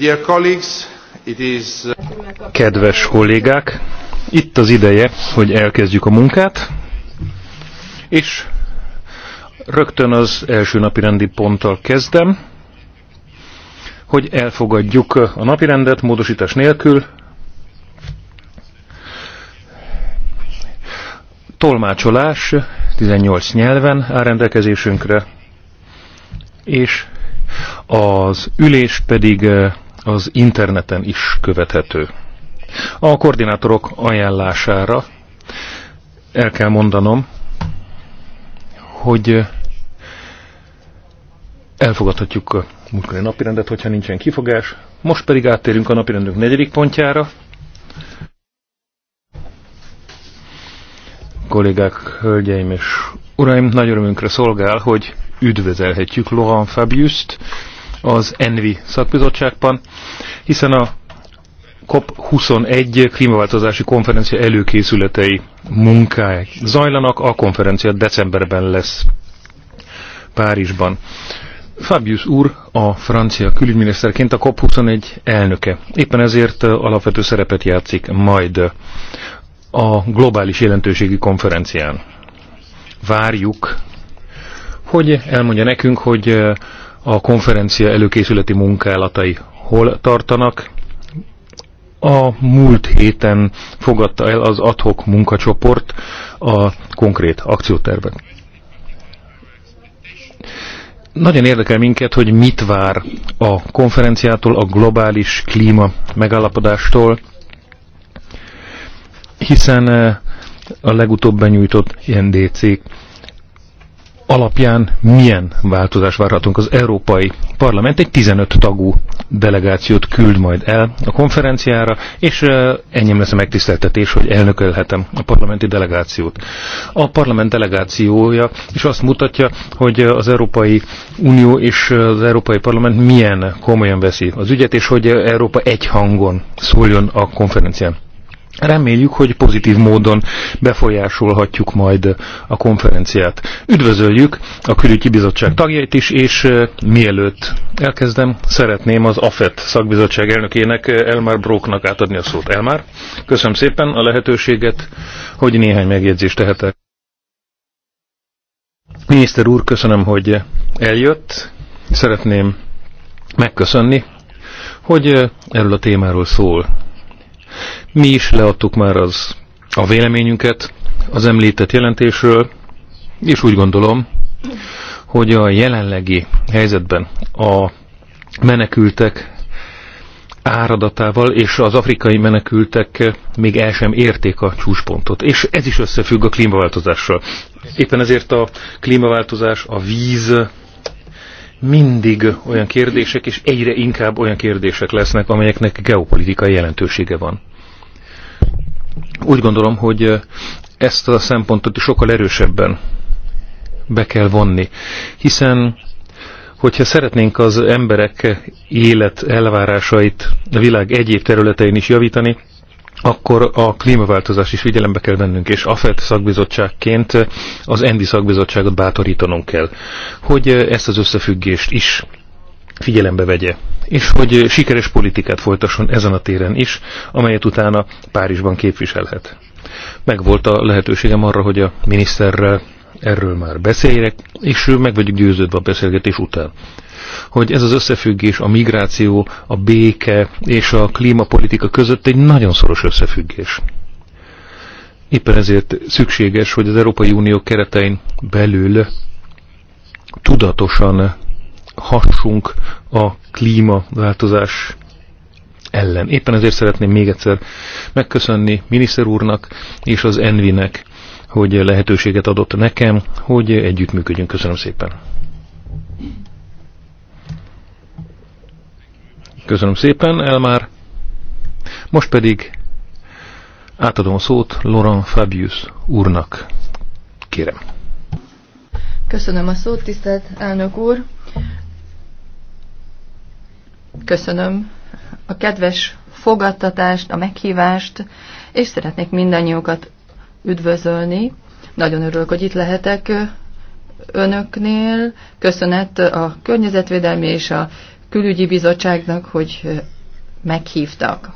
Uh, Kedves kollégák, itt az ideje, hogy elkezdjük a munkát, és rögtön az első napirendi ponttal kezdem, hogy elfogadjuk a napirendet módosítás nélkül. Tolmácsolás 18 nyelven áll rendelkezésünkre, és az ülést pedig uh, az interneten is követhető. A koordinátorok ajánlására el kell mondanom, hogy elfogadhatjuk a múltkori napirendet, hogyha nincsen kifogás. Most pedig áttérünk a napirendünk negyedik pontjára. Kollégák, hölgyeim és uraim, nagy örömünkre szolgál, hogy üdvözelhetjük Lohan Fabiust, az ENVI szakbizottságban, hiszen a COP21 klímaváltozási konferencia előkészületei munkáik zajlanak, a konferencia decemberben lesz Párizsban. Fabius úr a francia külügyminiszterként a COP21 elnöke. Éppen ezért alapvető szerepet játszik majd a globális jelentőségi konferencián. Várjuk, hogy elmondja nekünk, hogy a konferencia előkészületi munkálatai hol tartanak. A múlt héten fogadta el az adhok munkacsoport a konkrét akciótervet. Nagyon érdekel minket, hogy mit vár a konferenciától, a globális klíma megállapodástól, hiszen eh, a legutóbb benyújtott NDC alapján milyen változás várhatunk. Az Európai Parlament egy 15 tagú delegációt küld majd el a konferenciára, és ennyi lesz a megtiszteltetés, hogy elnökölhetem a parlamenti delegációt. A parlament delegációja is azt mutatja, hogy az Európai Unió és az Európai Parlament milyen komolyan veszi az ügyet, és hogy Európa egy hangon szóljon a konferencián. Reméljük, hogy pozitív módon befolyásolhatjuk majd a konferenciát. Üdvözöljük a külügyi bizottság tagjait is, és mielőtt elkezdem, szeretném az AFET szakbizottság elnökének Elmar Broknak átadni a szót. Elmar, köszönöm szépen a lehetőséget, hogy néhány megjegyzést tehetek. Miniszter úr, köszönöm, hogy eljött. Szeretném megköszönni, hogy erről a témáról szól mi is leadtuk már az a véleményünket az említett jelentésről, és úgy gondolom, hogy a jelenlegi helyzetben a menekültek áradatával és az afrikai menekültek még el sem érték a csúspontot. És ez is összefügg a klímaváltozással. Éppen ezért a klímaváltozás, a víz mindig olyan kérdések, és egyre inkább olyan kérdések lesznek, amelyeknek geopolitikai jelentősége van. Úgy gondolom, hogy ezt a szempontot is sokkal erősebben be kell vonni, hiszen hogyha szeretnénk az emberek élet elvárásait a világ egyéb területein is javítani, akkor a klímaváltozás is figyelembe kell vennünk, és AFET szakbizottságként az ENDI szakbizottságot bátorítanunk kell, hogy ezt az összefüggést is figyelembe vegye, és hogy sikeres politikát folytasson ezen a téren is, amelyet utána Párizsban képviselhet. Megvolt a lehetőségem arra, hogy a miniszterrel erről már beszéljek, és meg vagyok győződve a beszélgetés után, hogy ez az összefüggés a migráció, a béke és a klímapolitika között egy nagyon szoros összefüggés. Éppen ezért szükséges, hogy az Európai Unió keretein belül tudatosan hassunk a klímaváltozás ellen. Éppen ezért szeretném még egyszer megköszönni miniszter úrnak és az Envinek, hogy lehetőséget adott nekem, hogy együttműködjünk. Köszönöm szépen. Köszönöm szépen, Elmár. Most pedig átadom a szót Laurent Fabius úrnak. Kérem. Köszönöm a szót, tisztelt elnök úr. Köszönöm a kedves fogadtatást, a meghívást, és szeretnék mindannyiukat üdvözölni. Nagyon örülök, hogy itt lehetek önöknél. Köszönet a Környezetvédelmi és a Külügyi Bizottságnak, hogy meghívtak.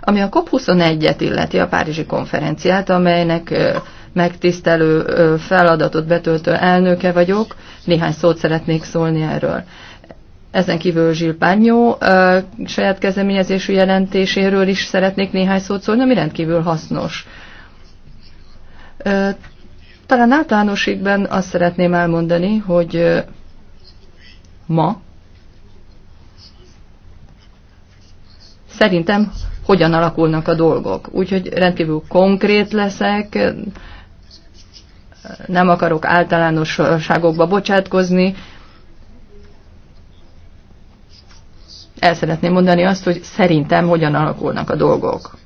Ami a COP21-et illeti, a Párizsi konferenciát, amelynek megtisztelő feladatot betöltő elnöke vagyok, néhány szót szeretnék szólni erről. Ezen kívül Zsilpányó saját kezdeményezésű jelentéséről is szeretnék néhány szót szólni, ami rendkívül hasznos. Talán általánosségben azt szeretném elmondani, hogy ma szerintem hogyan alakulnak a dolgok. Úgyhogy rendkívül konkrét leszek, nem akarok általánosságokba bocsátkozni, el szeretném mondani azt, hogy szerintem hogyan alakulnak a dolgok.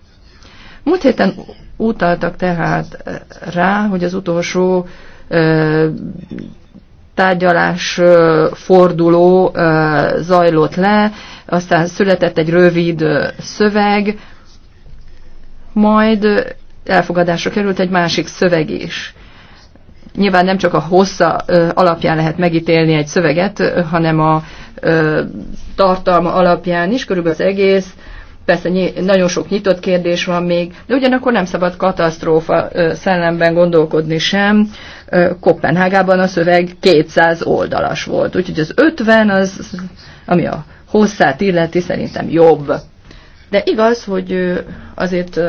Múlt héten utaltak tehát eh, rá, hogy az utolsó ö, eh, tárgyalás ö, eh, forduló ö, zajlott le, aztán született egy rövid ö, szöveg, majd elfogadásra került egy másik szöveg is. Nyilván nem csak a hossza ö, alapján lehet megítélni egy szöveget, ö, hanem a ö, tartalma alapján is, körülbelül az egész, persze nagyon sok nyitott kérdés van még, de ugyanakkor nem szabad katasztrófa szellemben gondolkodni sem. Kopenhágában a szöveg 200 oldalas volt, úgyhogy az 50, az, ami a hosszát illeti, szerintem jobb. De igaz, hogy azért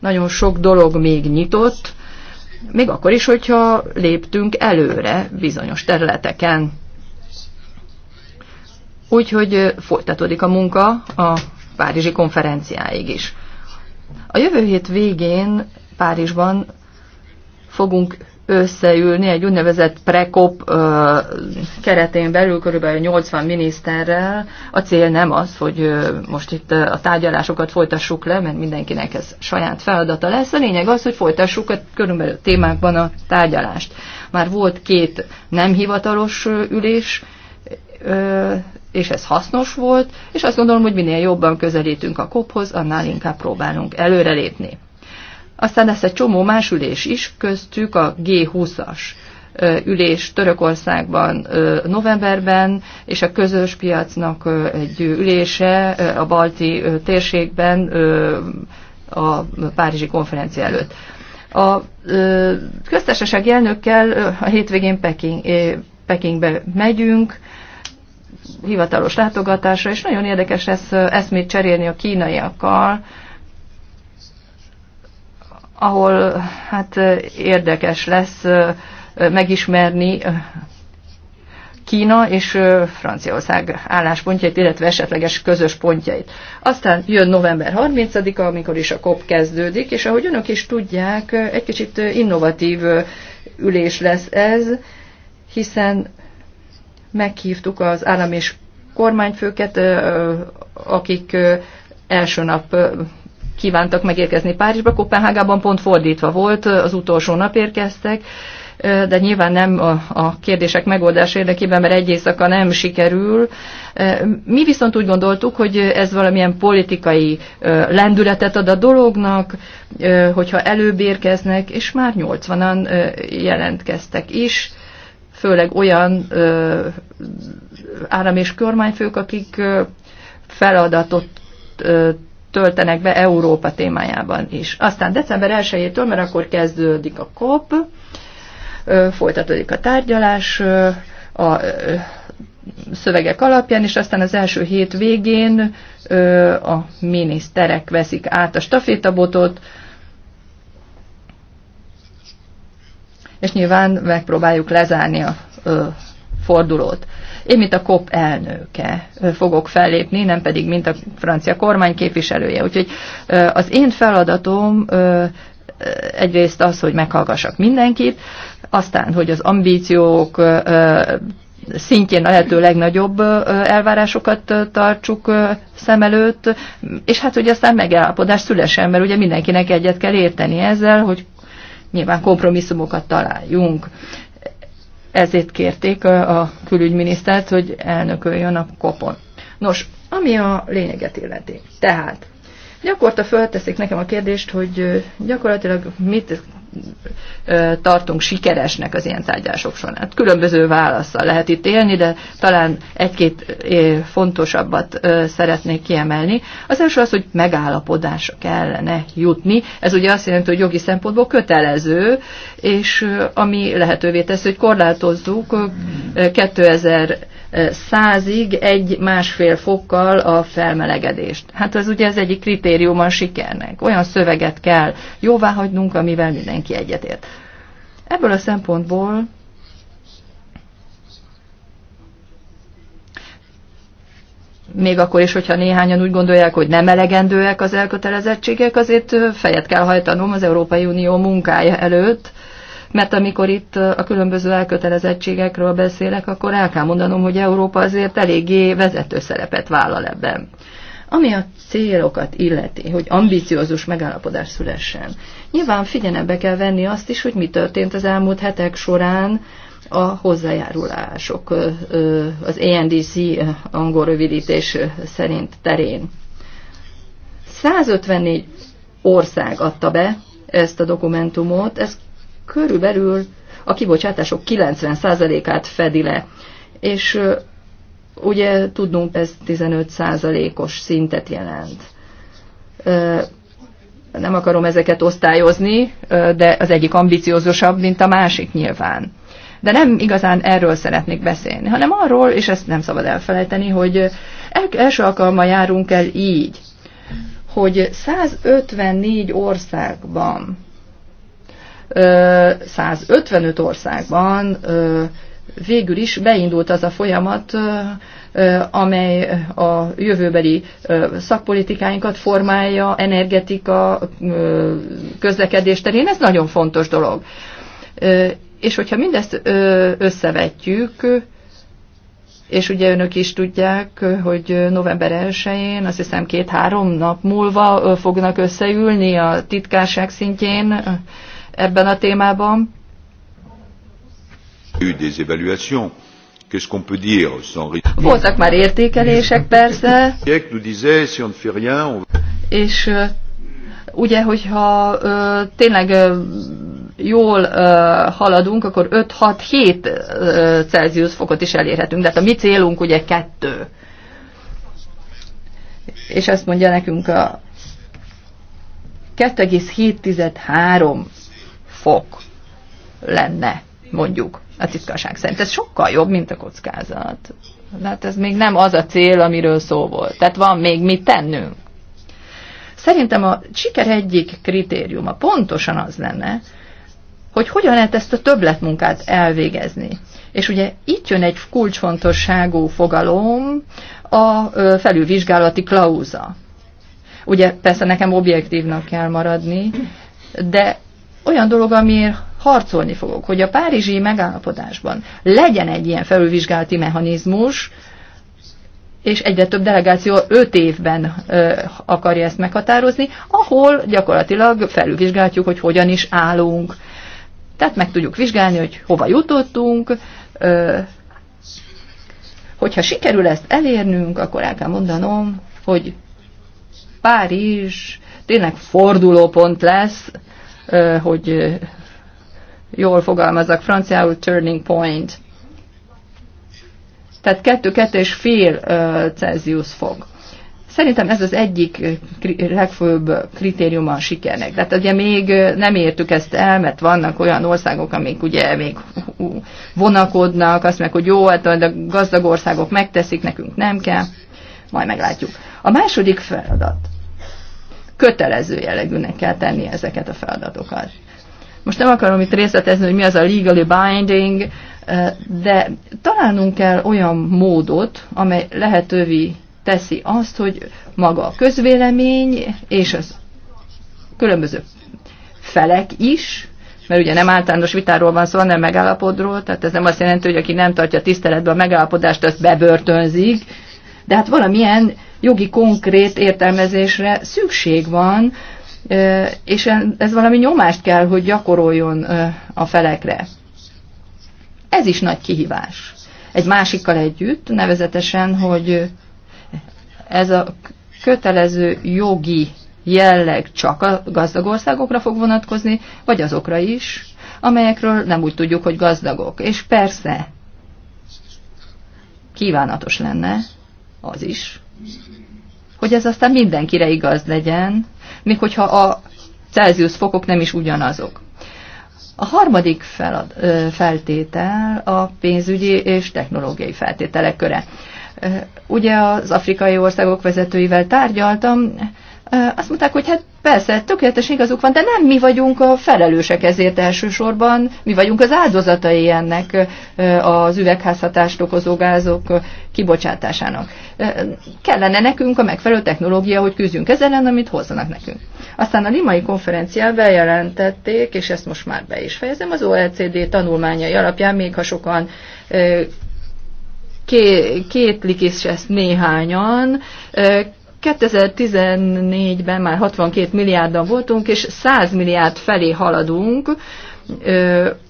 nagyon sok dolog még nyitott, még akkor is, hogyha léptünk előre bizonyos területeken. Úgyhogy folytatódik a munka a Párizsi konferenciáig is. A jövő hét végén Párizsban fogunk összeülni egy úgynevezett prekop keretén belül, körülbelül 80 miniszterrel. A cél nem az, hogy most itt a tárgyalásokat folytassuk le, mert mindenkinek ez saját feladata lesz. A lényeg az, hogy folytassuk a körülbelül témákban a tárgyalást. Már volt két nem hivatalos ülés, és ez hasznos volt, és azt gondolom, hogy minél jobban közelítünk a kophoz, annál inkább próbálunk előrelépni. Aztán lesz egy csomó más ülés is, köztük a G20-as ülés Törökországban novemberben, és a közös piacnak egy ülése a balti térségben a Párizsi konferencia előtt. A köztársaság elnökkel a hétvégén Peking, Pekingbe megyünk, hivatalos látogatásra, és nagyon érdekes lesz eszmét cserélni a kínaiakkal, ahol hát érdekes lesz megismerni Kína és Franciaország álláspontjait, illetve esetleges közös pontjait. Aztán jön november 30-a, amikor is a COP kezdődik, és ahogy önök is tudják, egy kicsit innovatív ülés lesz ez, hiszen meghívtuk az állam és kormányfőket, akik első nap kívántak megérkezni Párizsba, Kopenhágában pont fordítva volt, az utolsó nap érkeztek, de nyilván nem a kérdések megoldása érdekében, mert egy éjszaka nem sikerül. Mi viszont úgy gondoltuk, hogy ez valamilyen politikai lendületet ad a dolognak, hogyha előbb érkeznek, és már 80-an jelentkeztek is főleg olyan ö, állam és kormányfők, akik ö, feladatot ö, töltenek be Európa témájában is. Aztán december 1-től, mert akkor kezdődik a COP, ö, folytatódik a tárgyalás, ö, a ö, szövegek alapján, és aztán az első hét végén ö, a miniszterek veszik át a stafétabotot, és nyilván megpróbáljuk lezárni a fordulót. Én, mint a COP elnöke fogok fellépni, nem pedig, mint a francia kormány képviselője. Úgyhogy az én feladatom egyrészt az, hogy meghallgassak mindenkit, aztán, hogy az ambíciók szintjén a lehető legnagyobb elvárásokat tartsuk szem előtt, és hát, hogy aztán megállapodás szülesen, mert ugye mindenkinek egyet kell érteni ezzel, hogy nyilván kompromisszumokat találjunk. Ezért kérték a külügyminisztert, hogy elnököljön a kopon. Nos, ami a lényeget illeti. Tehát, gyakorta fölteszik nekem a kérdést, hogy gyakorlatilag mit tartunk sikeresnek az ilyen tárgyások során. Hát különböző válaszsal lehet itt élni, de talán egy-két fontosabbat szeretnék kiemelni. Az első az, hogy megállapodásra kellene jutni. Ez ugye azt jelenti, hogy jogi szempontból kötelező, és ami lehetővé teszi, hogy korlátozzuk 2000 százig egy másfél fokkal a felmelegedést. Hát ez ugye az egyik kritérium a sikernek. Olyan szöveget kell jóváhagynunk, amivel minden mindenki egyetért. Ebből a szempontból még akkor is, hogyha néhányan úgy gondolják, hogy nem elegendőek az elkötelezettségek, azért fejet kell hajtanom az Európai Unió munkája előtt, mert amikor itt a különböző elkötelezettségekről beszélek, akkor el kell mondanom, hogy Európa azért eléggé vezető szerepet vállal ebben. Ami a célokat illeti, hogy ambiciózus megállapodás szülessen, nyilván figyelembe kell venni azt is, hogy mi történt az elmúlt hetek során a hozzájárulások az ANDC angol rövidítés szerint terén. 154 ország adta be ezt a dokumentumot, ez körülbelül a kibocsátások 90%-át fedi le. És Ugye tudnunk, ez 15%-os szintet jelent. Nem akarom ezeket osztályozni, de az egyik ambiciózusabb, mint a másik nyilván. De nem igazán erről szeretnék beszélni, hanem arról, és ezt nem szabad elfelejteni, hogy első alkalommal járunk el így, hogy 154 országban, 155 országban végül is beindult az a folyamat, amely a jövőbeli szakpolitikáinkat formálja, energetika, közlekedés terén. Ez nagyon fontos dolog. És hogyha mindezt összevetjük, és ugye önök is tudják, hogy november 1-én, azt hiszem két-három nap múlva fognak összeülni a titkárság szintjén ebben a témában. Voltak már értékelések persze, és ugye, hogyha tényleg jól haladunk, akkor 5-6-7 Celsius fokot is elérhetünk. De hát a mi célunk ugye 2. És ezt mondja nekünk a 2,7-3 fok lenne, mondjuk a titkárság szerint. Ez sokkal jobb, mint a kockázat. De hát ez még nem az a cél, amiről szó volt. Tehát van még mit tennünk. Szerintem a siker egyik kritériuma pontosan az lenne, hogy hogyan lehet ezt a többletmunkát elvégezni. És ugye itt jön egy kulcsfontosságú fogalom, a felülvizsgálati klauza. Ugye persze nekem objektívnak kell maradni, de olyan dolog, amiért harcolni fogok, hogy a párizsi megállapodásban legyen egy ilyen felülvizsgálati mechanizmus, és egyre több delegáció 5 évben ö, akarja ezt meghatározni, ahol gyakorlatilag felülvizsgáljuk, hogy hogyan is állunk. Tehát meg tudjuk vizsgálni, hogy hova jutottunk, ö, hogyha sikerül ezt elérnünk, akkor el kell mondanom, hogy Párizs tényleg fordulópont lesz, hogy jól fogalmazok franciául, turning point. Tehát kettő, kettő és fél Celsius fog. Szerintem ez az egyik legfőbb kritériuma a sikernek. Tehát ugye még nem értük ezt el, mert vannak olyan országok, amik ugye még vonakodnak, azt meg, hogy jó, hát a gazdag országok megteszik, nekünk nem kell. Majd meglátjuk. A második feladat. Kötelező jellegűnek kell tenni ezeket a feladatokat. Most nem akarom itt részletezni, hogy mi az a legally binding, eh, de találnunk kell olyan módot, amely lehetővé teszi azt, hogy maga a közvélemény és az különböző felek is, mert ugye nem általános vitáról van szó, hanem megállapodról, tehát ez nem azt jelenti, hogy aki nem tartja tiszteletbe a megállapodást, azt bebörtönzik, de hát valamilyen jogi konkrét értelmezésre szükség van, és ez valami nyomást kell, hogy gyakoroljon a felekre. Ez is nagy kihívás. Egy másikkal együtt, nevezetesen, hogy ez a kötelező jogi jelleg csak a gazdag országokra fog vonatkozni, vagy azokra is, amelyekről nem úgy tudjuk, hogy gazdagok. És persze, kívánatos lenne az is, hogy ez aztán mindenkire igaz legyen, még hogyha a Celsius fokok nem is ugyanazok. A harmadik felad, feltétel a pénzügyi és technológiai feltételek köre. Ugye az afrikai országok vezetőivel tárgyaltam, azt mondták, hogy hát persze, tökéletesen igazuk van, de nem mi vagyunk a felelősek ezért elsősorban, mi vagyunk az áldozatai ennek az üvegházhatást okozó gázok kibocsátásának. Kellene nekünk a megfelelő technológia, hogy küzdjünk ezzel ellen, amit hozzanak nekünk. Aztán a limai konferencián bejelentették, és ezt most már be is fejezem, az OECD tanulmányai alapján, még ha sokan kétlik is ezt néhányan, 2014-ben már 62 milliárdan voltunk, és 100 milliárd felé haladunk,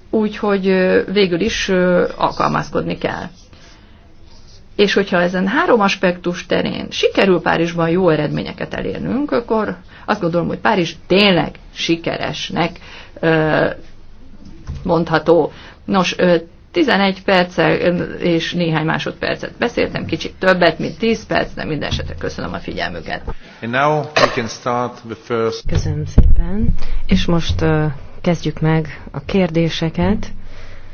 úgyhogy végül is alkalmazkodni kell. És hogyha ezen három aspektus terén sikerül Párizsban jó eredményeket elérnünk, akkor azt gondolom, hogy Párizs tényleg sikeresnek mondható. Nos, 11 perccel és néhány másodpercet beszéltem, kicsit többet, mint 10 perc, de minden esetre köszönöm a figyelmüket. And now we can start the first... Köszönöm szépen. És most uh, kezdjük meg a kérdéseket.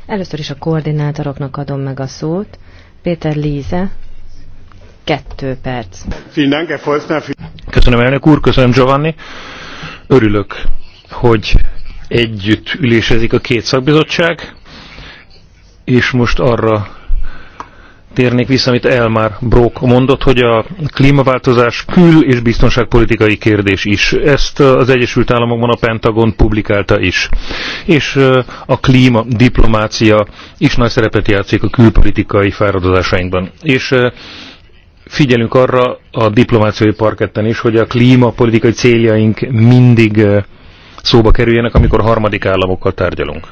Először is a koordinátoroknak adom meg a szót. Péter Líze, kettő perc. Köszönöm elnök úr, köszönöm Giovanni. Örülök, hogy együtt ülésezik a két szakbizottság és most arra térnék vissza, amit Elmar Brok mondott, hogy a klímaváltozás kül- és biztonságpolitikai kérdés is. Ezt az Egyesült Államokban a Pentagon publikálta is. És a klíma diplomácia is nagy szerepet játszik a külpolitikai fáradozásainkban. És figyelünk arra a diplomáciai parketten is, hogy a klímapolitikai céljaink mindig szóba kerüljenek, amikor harmadik államokkal tárgyalunk.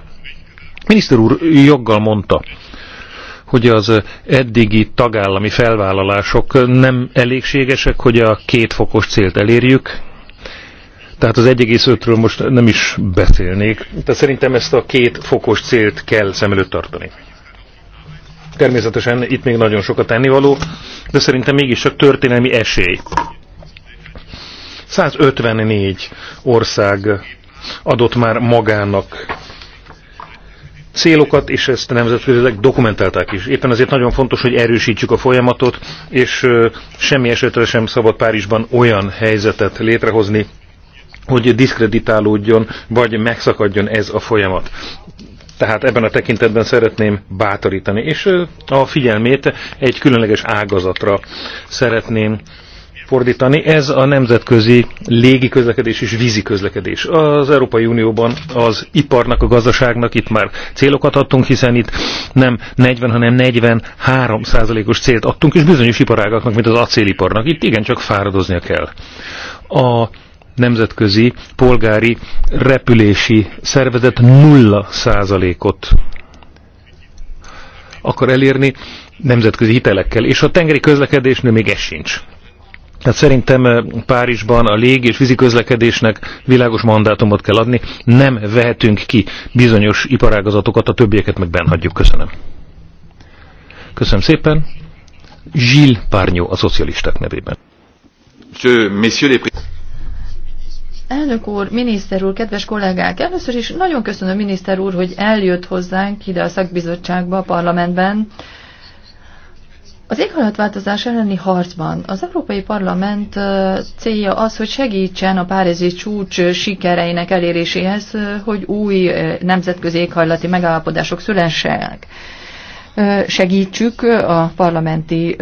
Miniszter úr joggal mondta, hogy az eddigi tagállami felvállalások nem elégségesek, hogy a két fokos célt elérjük. Tehát az 1,5-ről most nem is beszélnék. De szerintem ezt a két fokos célt kell szem előtt tartani. Természetesen itt még nagyon sokat tennivaló, de szerintem mégis csak történelmi esély. 154 ország adott már magának célokat, és ezt nemzetközileg dokumentálták is. Éppen azért nagyon fontos, hogy erősítsük a folyamatot, és semmi esetre sem szabad Párizsban olyan helyzetet létrehozni, hogy diszkreditálódjon, vagy megszakadjon ez a folyamat. Tehát ebben a tekintetben szeretném bátorítani, és a figyelmét egy különleges ágazatra szeretném fordítani, ez a nemzetközi légi közlekedés és vízi közlekedés. Az Európai Unióban az iparnak, a gazdaságnak itt már célokat adtunk, hiszen itt nem 40, hanem 43 százalékos célt adtunk, és bizonyos iparágaknak, mint az acéliparnak. Itt igencsak fáradoznia kell. A nemzetközi polgári repülési szervezet nulla százalékot akar elérni nemzetközi hitelekkel, és a tengeri közlekedésnél még ez sincs. Tehát szerintem Párizsban a lég és vízi közlekedésnek világos mandátumot kell adni. Nem vehetünk ki bizonyos iparágazatokat, a többieket meg benhagyjuk. Köszönöm. Köszönöm szépen. Gilles Párnyó a szocialisták nevében. Elnök úr, miniszter úr, kedves kollégák, először is nagyon köszönöm miniszter úr, hogy eljött hozzánk ide a szakbizottságba, a parlamentben. Az éghajlatváltozás elleni harcban az Európai Parlament célja az, hogy segítsen a Párizsi csúcs sikereinek eléréséhez, hogy új nemzetközi éghajlati megállapodások szülessenek. Segítsük a parlamenti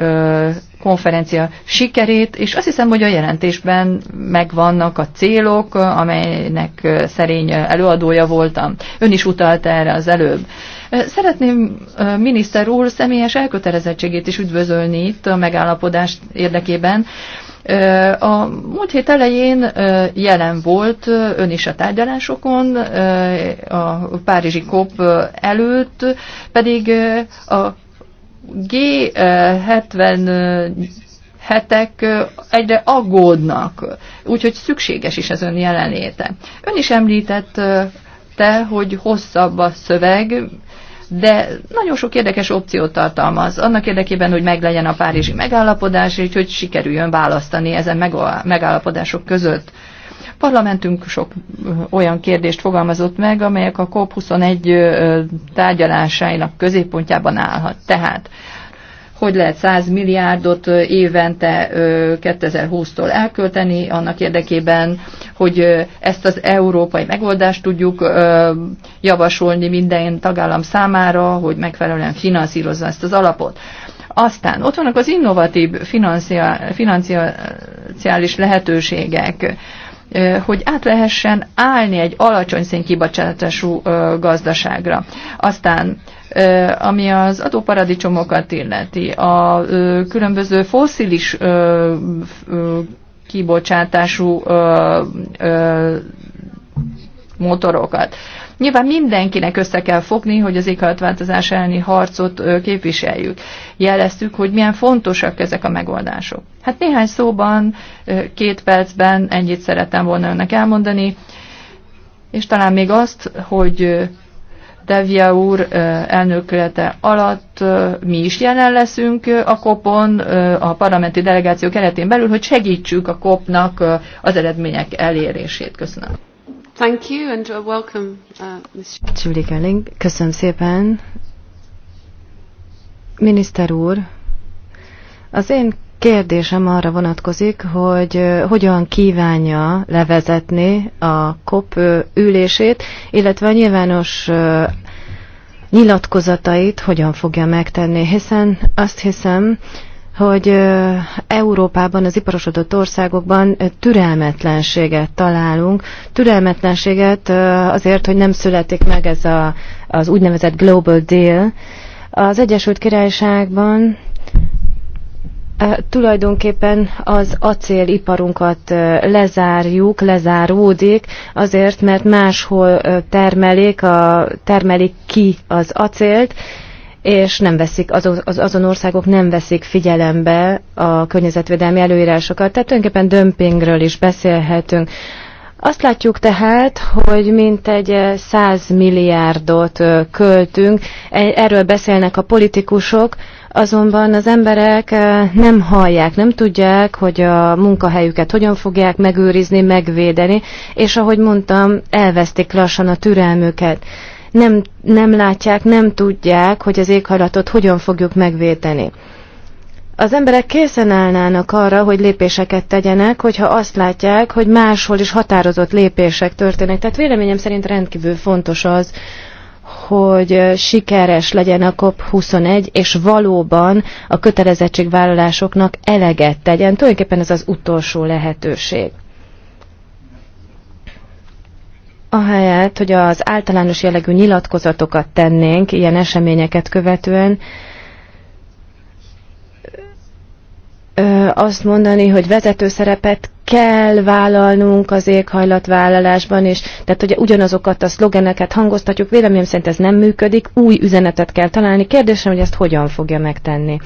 konferencia sikerét, és azt hiszem, hogy a jelentésben megvannak a célok, amelynek szerény előadója voltam. Ön is utalt erre az előbb. Szeretném miniszter úr személyes elkötelezettségét is üdvözölni itt a megállapodás érdekében. A múlt hét elején jelen volt ön is a tárgyalásokon, a Párizsi COP előtt, pedig a G70 hetek egyre aggódnak, úgyhogy szükséges is az ön jelenléte. Ön is említette, hogy hosszabb a szöveg, de nagyon sok érdekes opciót tartalmaz, annak érdekében, hogy meglegyen a párizsi megállapodás, és hogy sikerüljön választani ezen megállapodások között. Parlamentünk sok olyan kérdést fogalmazott meg, amelyek a COP21 tárgyalásainak középpontjában állhat. Tehát hogy lehet 100 milliárdot évente 2020-tól elkölteni annak érdekében, hogy ezt az európai megoldást tudjuk javasolni minden tagállam számára, hogy megfelelően finanszírozza ezt az alapot. Aztán ott vannak az innovatív financiális lehetőségek, hogy át lehessen állni egy alacsony szénkibocsátású gazdaságra. Aztán ami az adóparadicsomokat illeti, a különböző foszilis kibocsátású motorokat. Nyilván mindenkinek össze kell fogni, hogy az éghajlatváltozás elleni harcot képviseljük. Jeleztük, hogy milyen fontosak ezek a megoldások. Hát néhány szóban, két percben ennyit szerettem volna önnek elmondani, és talán még azt, hogy Tevje úr elnökülete alatt mi is jelen leszünk a kopon, a parlamenti delegáció keretén belül, hogy segítsük a kopnak az eredmények elérését. Köszönöm. Thank you and uh, welcome, uh, Ms. Köszönöm szépen. Miniszter úr, az én Kérdésem arra vonatkozik, hogy hogyan kívánja levezetni a COP ülését, illetve a nyilvános nyilatkozatait hogyan fogja megtenni, hiszen azt hiszem, hogy Európában, az iparosodott országokban türelmetlenséget találunk. Türelmetlenséget azért, hogy nem születik meg ez a, az úgynevezett Global Deal. Az Egyesült Királyságban Tulajdonképpen az acéliparunkat lezárjuk, lezáródik, azért, mert máshol termelik, a, termelik ki az acélt, és nem veszik, az az, azon országok nem veszik figyelembe a környezetvédelmi előírásokat. Tehát tulajdonképpen dömpingről is beszélhetünk. Azt látjuk tehát, hogy mintegy 100 milliárdot költünk, e, erről beszélnek a politikusok, azonban az emberek eh, nem hallják, nem tudják, hogy a munkahelyüket hogyan fogják megőrizni, megvédeni, és ahogy mondtam, elvesztik lassan a türelmüket. Nem, nem látják, nem tudják, hogy az éghajlatot hogyan fogjuk megvédeni. Az emberek készen állnának arra, hogy lépéseket tegyenek, hogyha azt látják, hogy máshol is határozott lépések történnek. Tehát véleményem szerint rendkívül fontos az, hogy sikeres legyen a COP21, és valóban a kötelezettségvállalásoknak eleget tegyen. Tulajdonképpen ez az utolsó lehetőség. Ahelyett, hogy az általános jellegű nyilatkozatokat tennénk ilyen eseményeket követően, azt mondani, hogy vezető szerepet kell vállalnunk az éghajlatvállalásban, és tehát ugye ugyanazokat a szlogeneket hangoztatjuk, véleményem szerint ez nem működik, új üzenetet kell találni. Kérdésem, hogy ezt hogyan fogja megtenni.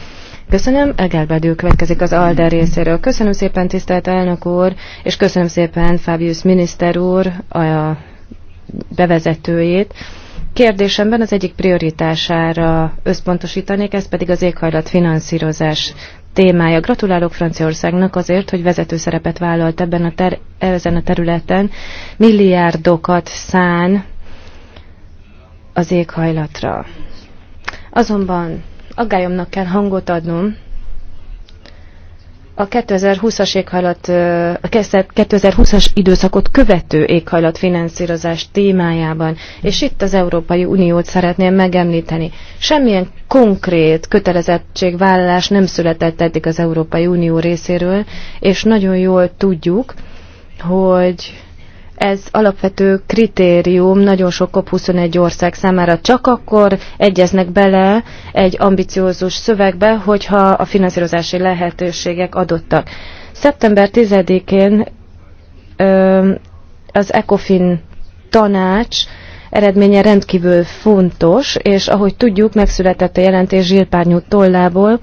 Köszönöm, Egelbedő következik az Alder részéről. Köszönöm szépen, tisztelt elnök úr, és köszönöm szépen, Fábius miniszter úr, a bevezetőjét. Kérdésemben az egyik prioritására összpontosítanék, ez pedig az éghajlat finanszírozás témája. Gratulálok Franciaországnak azért, hogy vezető szerepet vállalt ebben a ter ezen a területen, milliárdokat szán az éghajlatra. Azonban aggályomnak kell hangot adnom, a 2020-as éghajlat, a 2020-as időszakot követő éghajlatfinanszírozás témájában, és itt az Európai Uniót szeretném megemlíteni. Semmilyen konkrét kötelezettségvállalás nem született eddig az Európai Unió részéről, és nagyon jól tudjuk, hogy ez alapvető kritérium nagyon sok COP21 ország számára. Csak akkor egyeznek bele egy ambiciózus szövegbe, hogyha a finanszírozási lehetőségek adottak. Szeptember 10-én az ECOFIN tanács eredménye rendkívül fontos, és ahogy tudjuk, megszületett a jelentés zsírpárnyú tollából.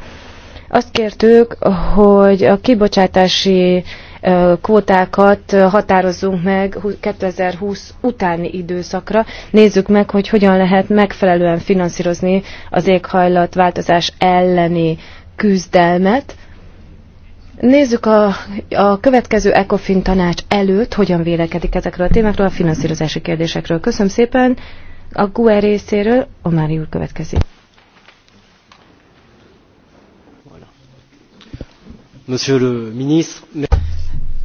Azt kértük, hogy a kibocsátási kvótákat határozzunk meg 2020 utáni időszakra. Nézzük meg, hogy hogyan lehet megfelelően finanszírozni az éghajlatváltozás elleni küzdelmet. Nézzük a, a következő ECOFIN tanács előtt, hogyan vélekedik ezekről a témákról, a finanszírozási kérdésekről. Köszönöm szépen. A GUE részéről Omári úr következik. Monsieur le ministre,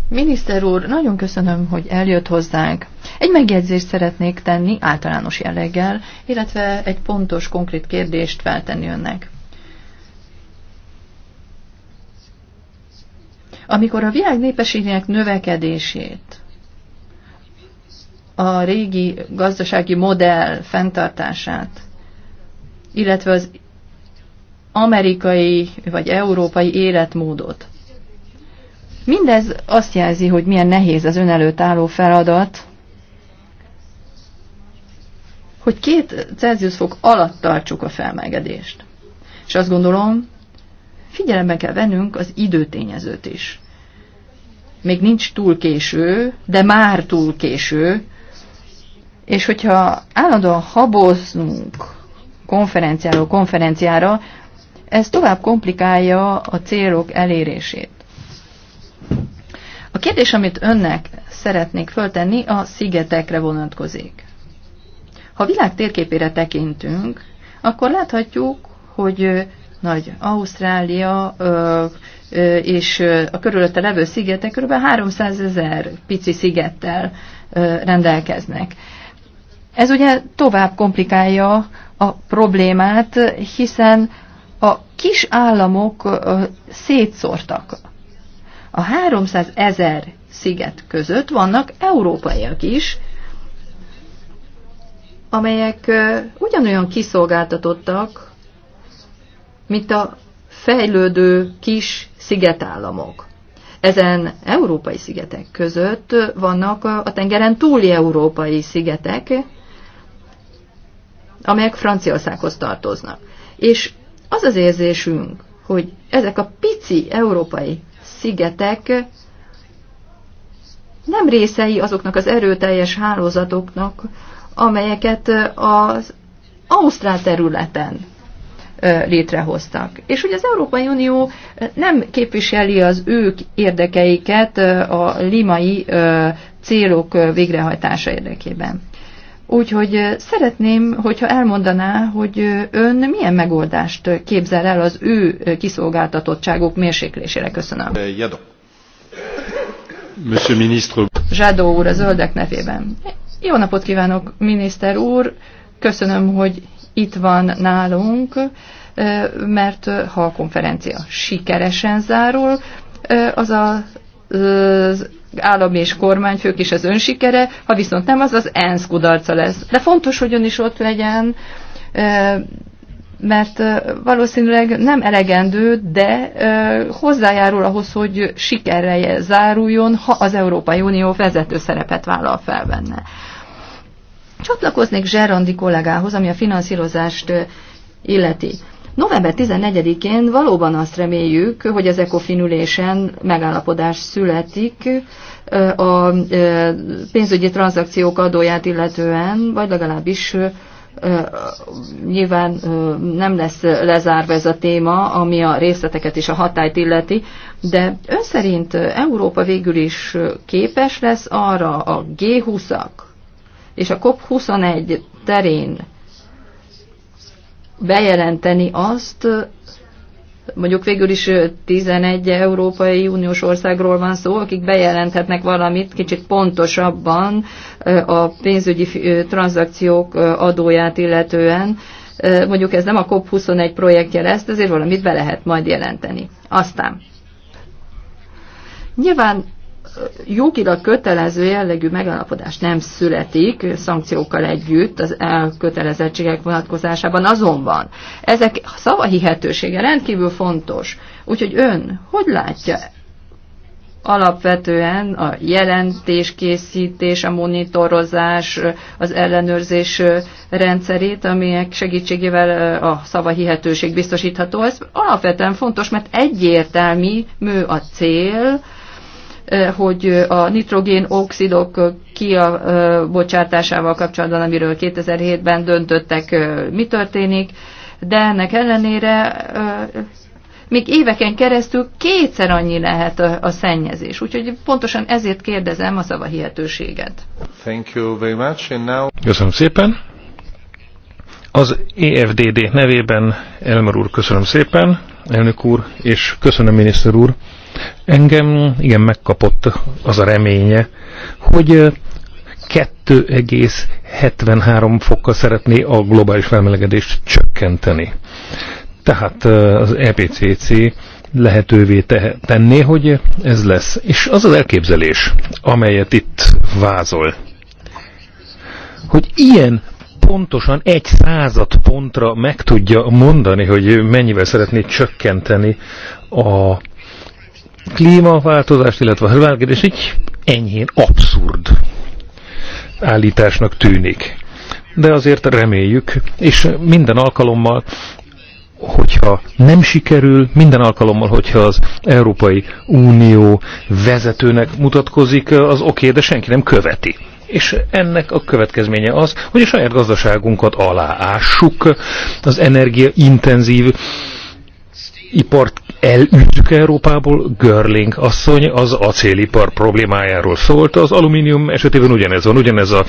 Miniszter úr, nagyon köszönöm, hogy eljött hozzánk. Egy megjegyzést szeretnék tenni általános jelleggel, illetve egy pontos, konkrét kérdést feltenni önnek. Amikor a világ népességének növekedését a régi gazdasági modell fenntartását, illetve az amerikai vagy európai életmódot Mindez azt jelzi, hogy milyen nehéz az ön előtt álló feladat, hogy két Celsius fok alatt tartsuk a felmelegedést. És azt gondolom, figyelembe kell vennünk az időtényezőt is. Még nincs túl késő, de már túl késő, és hogyha állandóan haboznunk konferenciáról konferenciára, ez tovább komplikálja a célok elérését. A kérdés, amit önnek szeretnék föltenni, a szigetekre vonatkozik. Ha világ térképére tekintünk, akkor láthatjuk, hogy nagy Ausztrália ö, ö, és a körülötte levő szigetek kb. 300 ezer pici szigettel ö, rendelkeznek. Ez ugye tovább komplikálja a problémát, hiszen a kis államok szétszórtak a 300 ezer sziget között vannak európaiak is, amelyek ugyanolyan kiszolgáltatottak, mint a fejlődő kis szigetállamok. Ezen európai szigetek között vannak a tengeren túli európai szigetek, amelyek Franciaországhoz tartoznak. És az az érzésünk, hogy ezek a pici európai szigetek nem részei azoknak az erőteljes hálózatoknak, amelyeket az Ausztrál területen létrehoztak. És hogy az Európai Unió nem képviseli az ők érdekeiket a limai célok végrehajtása érdekében. Úgyhogy szeretném, hogyha elmondaná, hogy ön milyen megoldást képzel el az ő kiszolgáltatottságok mérséklésére. Köszönöm. Eh, Jadó. Monsieur ministre. Zsádó úr, a zöldek nevében. Jó napot kívánok, miniszter úr. Köszönöm, hogy itt van nálunk, mert ha a konferencia sikeresen zárul, az a az állami és kormányfők is az önsikere, ha viszont nem, az az ENSZ kudarca lesz. De fontos, hogy ön is ott legyen, mert valószínűleg nem elegendő, de hozzájárul ahhoz, hogy sikerre záruljon, ha az Európai Unió vezető szerepet vállal fel benne. Csatlakoznék Zserandi kollégához, ami a finanszírozást illeti. November 14-én valóban azt reméljük, hogy az ECOFIN ülésen megállapodás születik a pénzügyi tranzakciók adóját illetően, vagy legalábbis nyilván nem lesz lezárva ez a téma, ami a részleteket és a hatályt illeti, de ön szerint Európa végül is képes lesz arra a G20-ak és a COP21 terén bejelenteni azt, mondjuk végül is 11 Európai Uniós országról van szó, akik bejelenthetnek valamit kicsit pontosabban a pénzügyi tranzakciók adóját illetően. Mondjuk ez nem a COP21 projektje lesz, ezért valamit be lehet majd jelenteni. Aztán Nyilván jogilag kötelező jellegű megállapodás nem születik szankciókkal együtt az elkötelezettségek vonatkozásában, azonban ezek szavahihetősége rendkívül fontos. Úgyhogy ön hogy látja alapvetően a jelentéskészítés, a monitorozás, az ellenőrzés rendszerét, amelyek segítségével a szavahihetőség biztosítható. Ez alapvetően fontos, mert egyértelmű mű a cél, hogy a nitrogén oxidok kibocsátásával kapcsolatban, amiről 2007-ben döntöttek, mi történik, de ennek ellenére még éveken keresztül kétszer annyi lehet a, a szennyezés. Úgyhogy pontosan ezért kérdezem a szava hihetőséget. Thank you very much, and now... Köszönöm szépen. Az EFDD nevében Elmar úr köszönöm szépen, elnök úr, és köszönöm miniszter úr Engem igen megkapott az a reménye, hogy 2,73 fokkal szeretné a globális felmelegedést csökkenteni. Tehát az EPCC lehetővé te tenné, hogy ez lesz. És az az elképzelés, amelyet itt vázol, hogy ilyen pontosan egy század pontra meg tudja mondani, hogy mennyivel szeretné csökkenteni a klímaváltozást, illetve a hőmelegedés egy enyhén abszurd állításnak tűnik. De azért reméljük, és minden alkalommal, hogyha nem sikerül, minden alkalommal, hogyha az Európai Unió vezetőnek mutatkozik, az oké, okay, de senki nem követi. És ennek a következménye az, hogy a saját gazdaságunkat aláássuk, az energiaintenzív ipart elütjük Európából, Görling asszony az acélipar problémájáról szólt, az alumínium esetében ugyanez van, ugyanez a,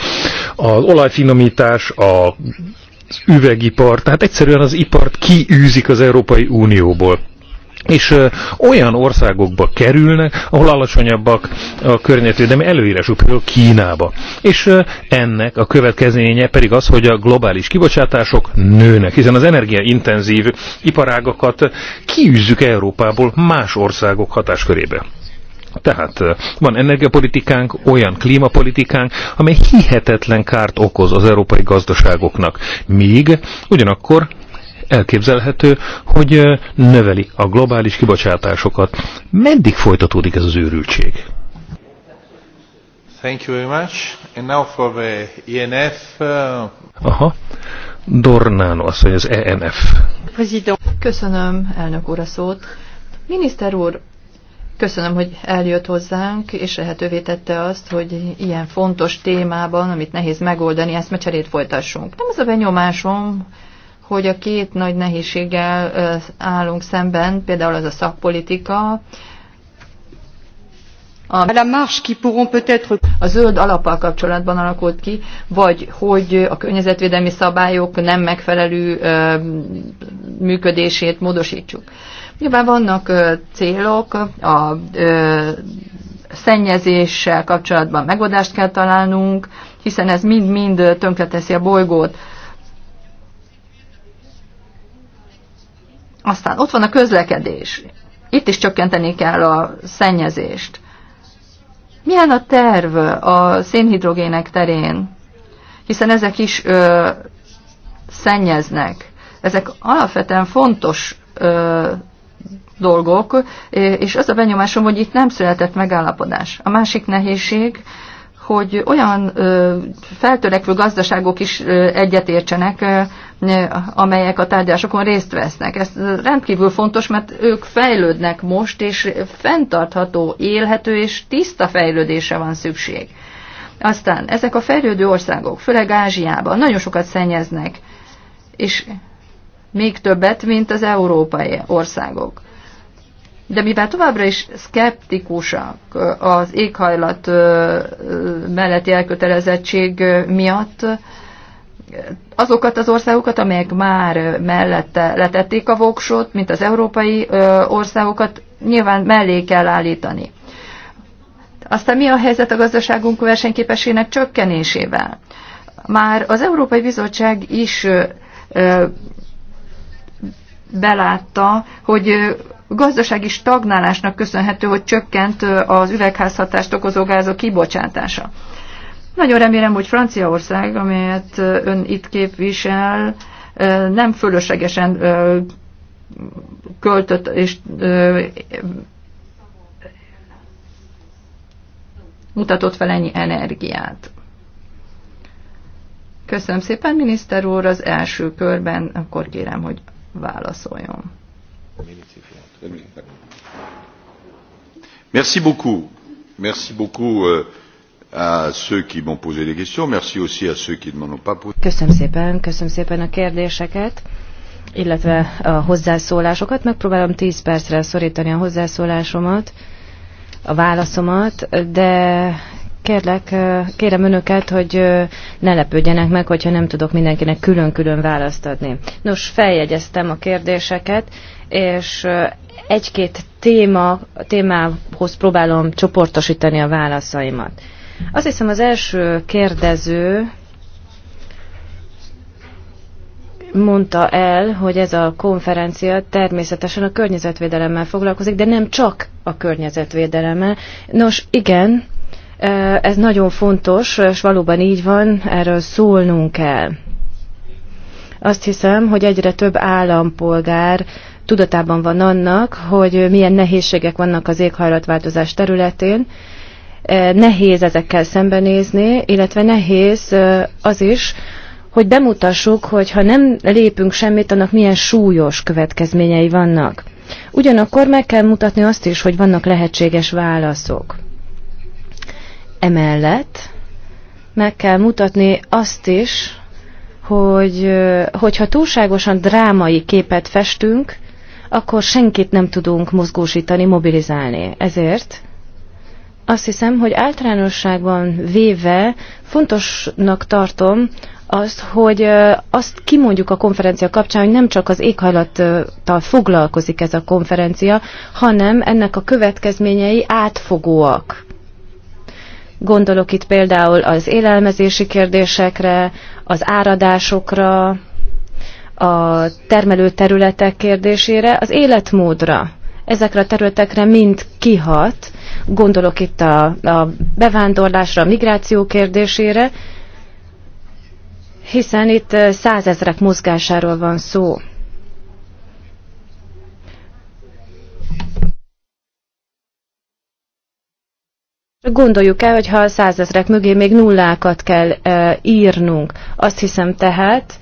az olajfinomítás, a üvegipar, tehát egyszerűen az ipart kiűzik az Európai Unióból és olyan országokba kerülnek, ahol alacsonyabbak a környezetvédelmi előírások, például Kínába. És ennek a következménye pedig az, hogy a globális kibocsátások nőnek, hiszen az energiaintenzív iparágakat kiűzzük Európából más országok hatáskörébe. Tehát van energiapolitikánk, olyan klímapolitikánk, amely hihetetlen kárt okoz az európai gazdaságoknak. Míg ugyanakkor elképzelhető, hogy növeli a globális kibocsátásokat. Meddig folytatódik ez az őrültség? Thank you very much. And now for the ENF. Uh... Aha. Dornán az, hogy az ENF. President. Köszönöm, elnök úr, a szót. Miniszter úr, köszönöm, hogy eljött hozzánk, és lehetővé tette azt, hogy ilyen fontos témában, amit nehéz megoldani, ezt mecserét folytassunk. Nem az a benyomásom, hogy a két nagy nehézséggel állunk szemben, például az a szakpolitika, a zöld alappal kapcsolatban alakult ki, vagy hogy a környezetvédelmi szabályok nem megfelelő működését módosítsuk. Nyilván vannak célok, a szennyezéssel kapcsolatban megoldást kell találnunk, hiszen ez mind-mind tönkreteszi a bolygót. Aztán ott van a közlekedés. Itt is csökkenteni kell a szennyezést. Milyen a terv a szénhidrogének terén? Hiszen ezek is ö, szennyeznek. Ezek alapvetően fontos ö, dolgok, és az a benyomásom, hogy itt nem született megállapodás. A másik nehézség, hogy olyan ö, feltörekvő gazdaságok is ö, egyetértsenek, amelyek a tárgyásokon részt vesznek. Ez rendkívül fontos, mert ők fejlődnek most, és fenntartható, élhető és tiszta fejlődése van szükség. Aztán ezek a fejlődő országok, főleg Ázsiában, nagyon sokat szennyeznek, és még többet, mint az európai országok. De mivel továbbra is szkeptikusak az éghajlat melletti elkötelezettség miatt, azokat az országokat, amelyek már mellette letették a voksot, mint az európai országokat, nyilván mellé kell állítani. Aztán mi a helyzet a gazdaságunk versenyképességének csökkenésével? Már az Európai Bizottság is belátta, hogy gazdasági stagnálásnak köszönhető, hogy csökkent az üvegházhatást okozó gázok kibocsátása. Nagyon remélem, hogy Franciaország, amelyet ön itt képvisel, nem fölöslegesen költött és mutatott fel ennyi energiát. Köszönöm szépen, miniszter úr, az első körben, akkor kérem, hogy válaszoljon. Merci beaucoup. Merci beaucoup. Euh, Köszönöm szépen, köszönöm szépen a kérdéseket illetve a hozzászólásokat. Megpróbálom 10 percre szorítani a hozzászólásomat, a válaszomat, de kérlek, kérem önöket, hogy ne lepődjenek meg, hogyha nem tudok mindenkinek külön-külön választ adni. Nos, feljegyeztem a kérdéseket, és egy-két téma, témához próbálom csoportosítani a válaszaimat. Azt hiszem az első kérdező mondta el, hogy ez a konferencia természetesen a környezetvédelemmel foglalkozik, de nem csak a környezetvédelemmel. Nos, igen, ez nagyon fontos, és valóban így van, erről szólnunk kell. Azt hiszem, hogy egyre több állampolgár tudatában van annak, hogy milyen nehézségek vannak az éghajlatváltozás területén, nehéz ezekkel szembenézni, illetve nehéz az is, hogy bemutassuk, hogy ha nem lépünk semmit, annak milyen súlyos következményei vannak. Ugyanakkor meg kell mutatni azt is, hogy vannak lehetséges válaszok. Emellett meg kell mutatni azt is, hogy hogyha túlságosan drámai képet festünk, akkor senkit nem tudunk mozgósítani, mobilizálni. Ezért azt hiszem, hogy általánosságban véve fontosnak tartom azt, hogy azt kimondjuk a konferencia kapcsán, hogy nem csak az éghajlattal foglalkozik ez a konferencia, hanem ennek a következményei átfogóak. Gondolok itt például az élelmezési kérdésekre, az áradásokra, a termelő területek kérdésére, az életmódra. Ezekre a területekre mind kihat, gondolok itt a, a bevándorlásra, a migráció kérdésére, hiszen itt eh, százezrek mozgásáról van szó. Gondoljuk el, hogy ha a százezrek mögé még nullákat kell e, írnunk. Azt hiszem tehát,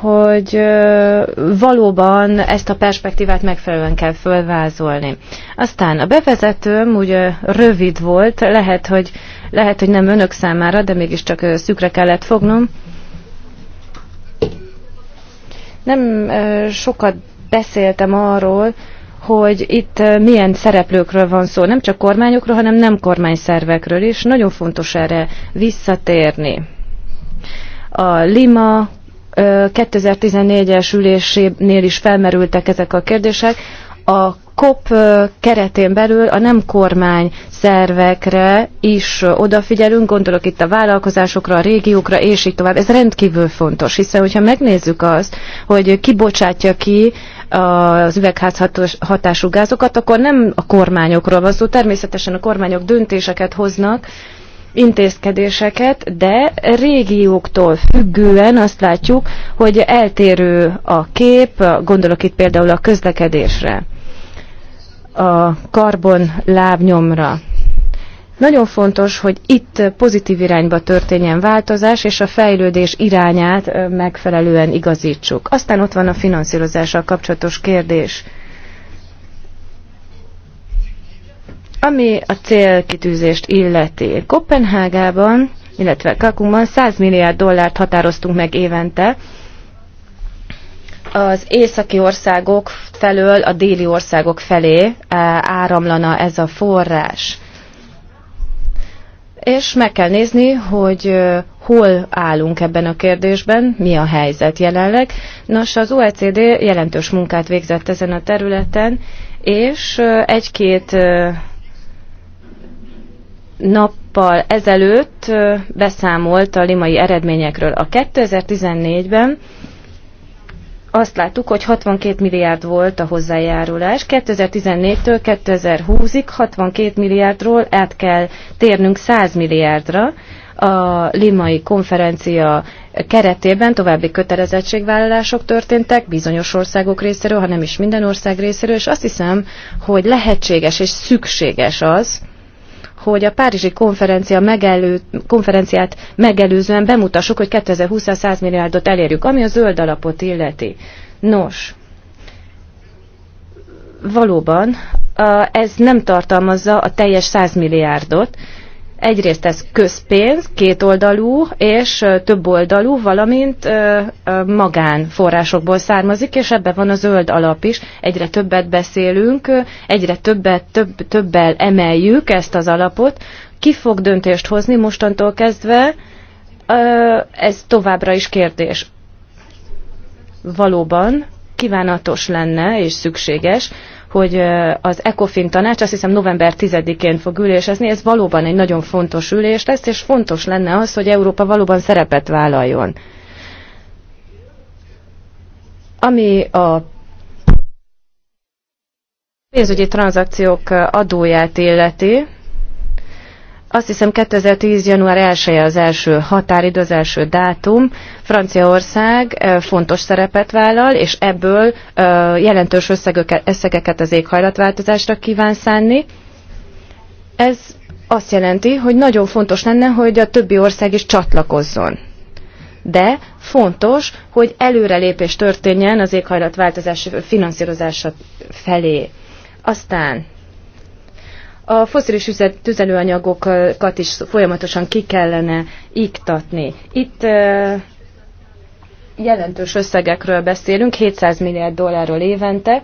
hogy valóban ezt a perspektívát megfelelően kell fölvázolni. Aztán a bevezetőm ugye rövid volt, lehet, hogy, lehet, hogy nem önök számára, de mégiscsak szükre kellett fognom. Nem sokat beszéltem arról, hogy itt milyen szereplőkről van szó, nem csak kormányokról, hanem nem kormányszervekről is. Nagyon fontos erre visszatérni. A Lima 2014-es ülésénél is felmerültek ezek a kérdések. A COP keretén belül a nem kormány szervekre is odafigyelünk, gondolok itt a vállalkozásokra, a régiókra, és így tovább. Ez rendkívül fontos, hiszen hogyha megnézzük azt, hogy kibocsátja ki az üvegházhatású gázokat, akkor nem a kormányokról van szó. Természetesen a kormányok döntéseket hoznak, intézkedéseket, de régióktól függően azt látjuk, hogy eltérő a kép, gondolok itt például a közlekedésre, a karbon lábnyomra. Nagyon fontos, hogy itt pozitív irányba történjen változás, és a fejlődés irányát megfelelően igazítsuk. Aztán ott van a finanszírozással kapcsolatos kérdés. Ami a célkitűzést illeti, Kopenhágában, illetve Kakumban 100 milliárd dollárt határoztunk meg évente, az északi országok felől a déli országok felé eh, áramlana ez a forrás. És meg kell nézni, hogy eh, hol állunk ebben a kérdésben, mi a helyzet jelenleg. Nos, az OECD jelentős munkát végzett ezen a területen, és eh, egy-két nappal ezelőtt beszámolt a limai eredményekről. A 2014-ben azt láttuk, hogy 62 milliárd volt a hozzájárulás. 2014-től 2020-ig 62 milliárdról át kell térnünk 100 milliárdra. A limai konferencia keretében további kötelezettségvállalások történtek bizonyos országok részéről, hanem is minden ország részéről, és azt hiszem, hogy lehetséges és szükséges az, hogy a Párizsi konferencia megelő, konferenciát megelőzően bemutassuk, hogy 2020-ra 100 milliárdot elérjük, ami a zöld alapot illeti. Nos, valóban ez nem tartalmazza a teljes 100 milliárdot, Egyrészt ez közpénz, kétoldalú és többoldalú, valamint magánforrásokból származik, és ebben van a zöld alap is. Egyre többet beszélünk, egyre többet, több, többel emeljük ezt az alapot. Ki fog döntést hozni mostantól kezdve? Ez továbbra is kérdés. Valóban kívánatos lenne és szükséges, hogy az ECOFIN tanács azt hiszem november 10-én fog ülésezni, ez valóban egy nagyon fontos ülés lesz, és fontos lenne az, hogy Európa valóban szerepet vállaljon. Ami a pénzügyi tranzakciók adóját illeti, azt hiszem 2010. január 1 -e az első határidő, az első dátum. Franciaország fontos szerepet vállal, és ebből jelentős összegeket az éghajlatváltozásra kíván szánni. Ez azt jelenti, hogy nagyon fontos lenne, hogy a többi ország is csatlakozzon. De fontos, hogy előrelépés történjen az éghajlatváltozás finanszírozása felé. Aztán a foszilis tüzelőanyagokat is folyamatosan ki kellene iktatni. Itt jelentős összegekről beszélünk, 700 milliárd dollárról évente,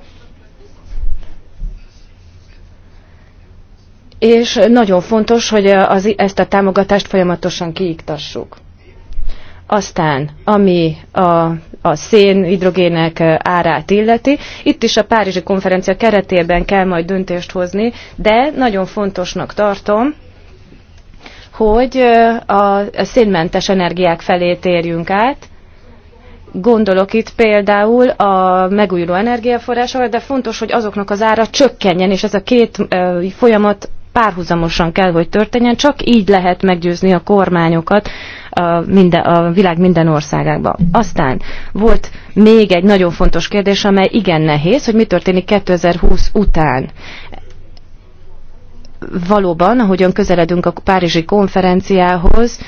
és nagyon fontos, hogy az, ezt a támogatást folyamatosan kiiktassuk. Aztán, ami a, a szénhidrogének árát illeti, itt is a Párizsi konferencia keretében kell majd döntést hozni, de nagyon fontosnak tartom, hogy a szénmentes energiák felé térjünk át. Gondolok itt például a megújuló energiaforrásokra, de fontos, hogy azoknak az ára csökkenjen, és ez a két folyamat párhuzamosan kell, hogy történjen, csak így lehet meggyőzni a kormányokat a, minden, a világ minden országába. Aztán volt még egy nagyon fontos kérdés, amely igen nehéz, hogy mi történik 2020 után valóban, ahogyan közeledünk a Párizsi konferenciához,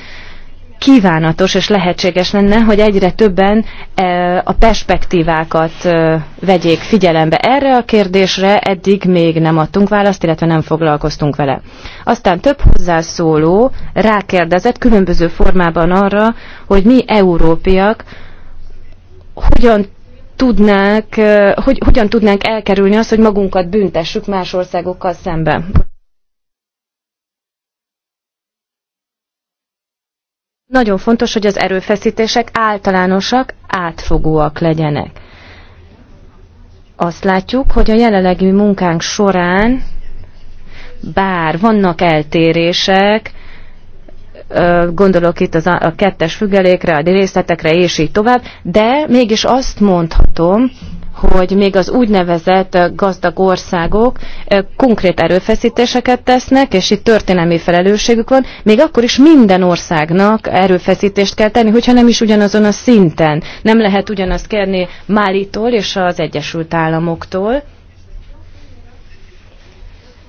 kívánatos és lehetséges lenne, hogy egyre többen e, a perspektívákat e, vegyék figyelembe. Erre a kérdésre eddig még nem adtunk választ, illetve nem foglalkoztunk vele. Aztán több hozzászóló rákérdezett különböző formában arra, hogy mi európiak hogyan tudnák, e, hogy, hogyan tudnánk elkerülni azt, hogy magunkat büntessük más országokkal szemben. Nagyon fontos, hogy az erőfeszítések általánosak, átfogóak legyenek. Azt látjuk, hogy a jelenlegi munkánk során, bár vannak eltérések, gondolok itt az a kettes függelékre, a részletekre, és így tovább, de mégis azt mondhatom, hogy még az úgynevezett gazdag országok konkrét erőfeszítéseket tesznek, és itt történelmi felelősségük van, még akkor is minden országnak erőfeszítést kell tenni, hogyha nem is ugyanazon a szinten. Nem lehet ugyanazt kérni Málitól és az Egyesült Államoktól.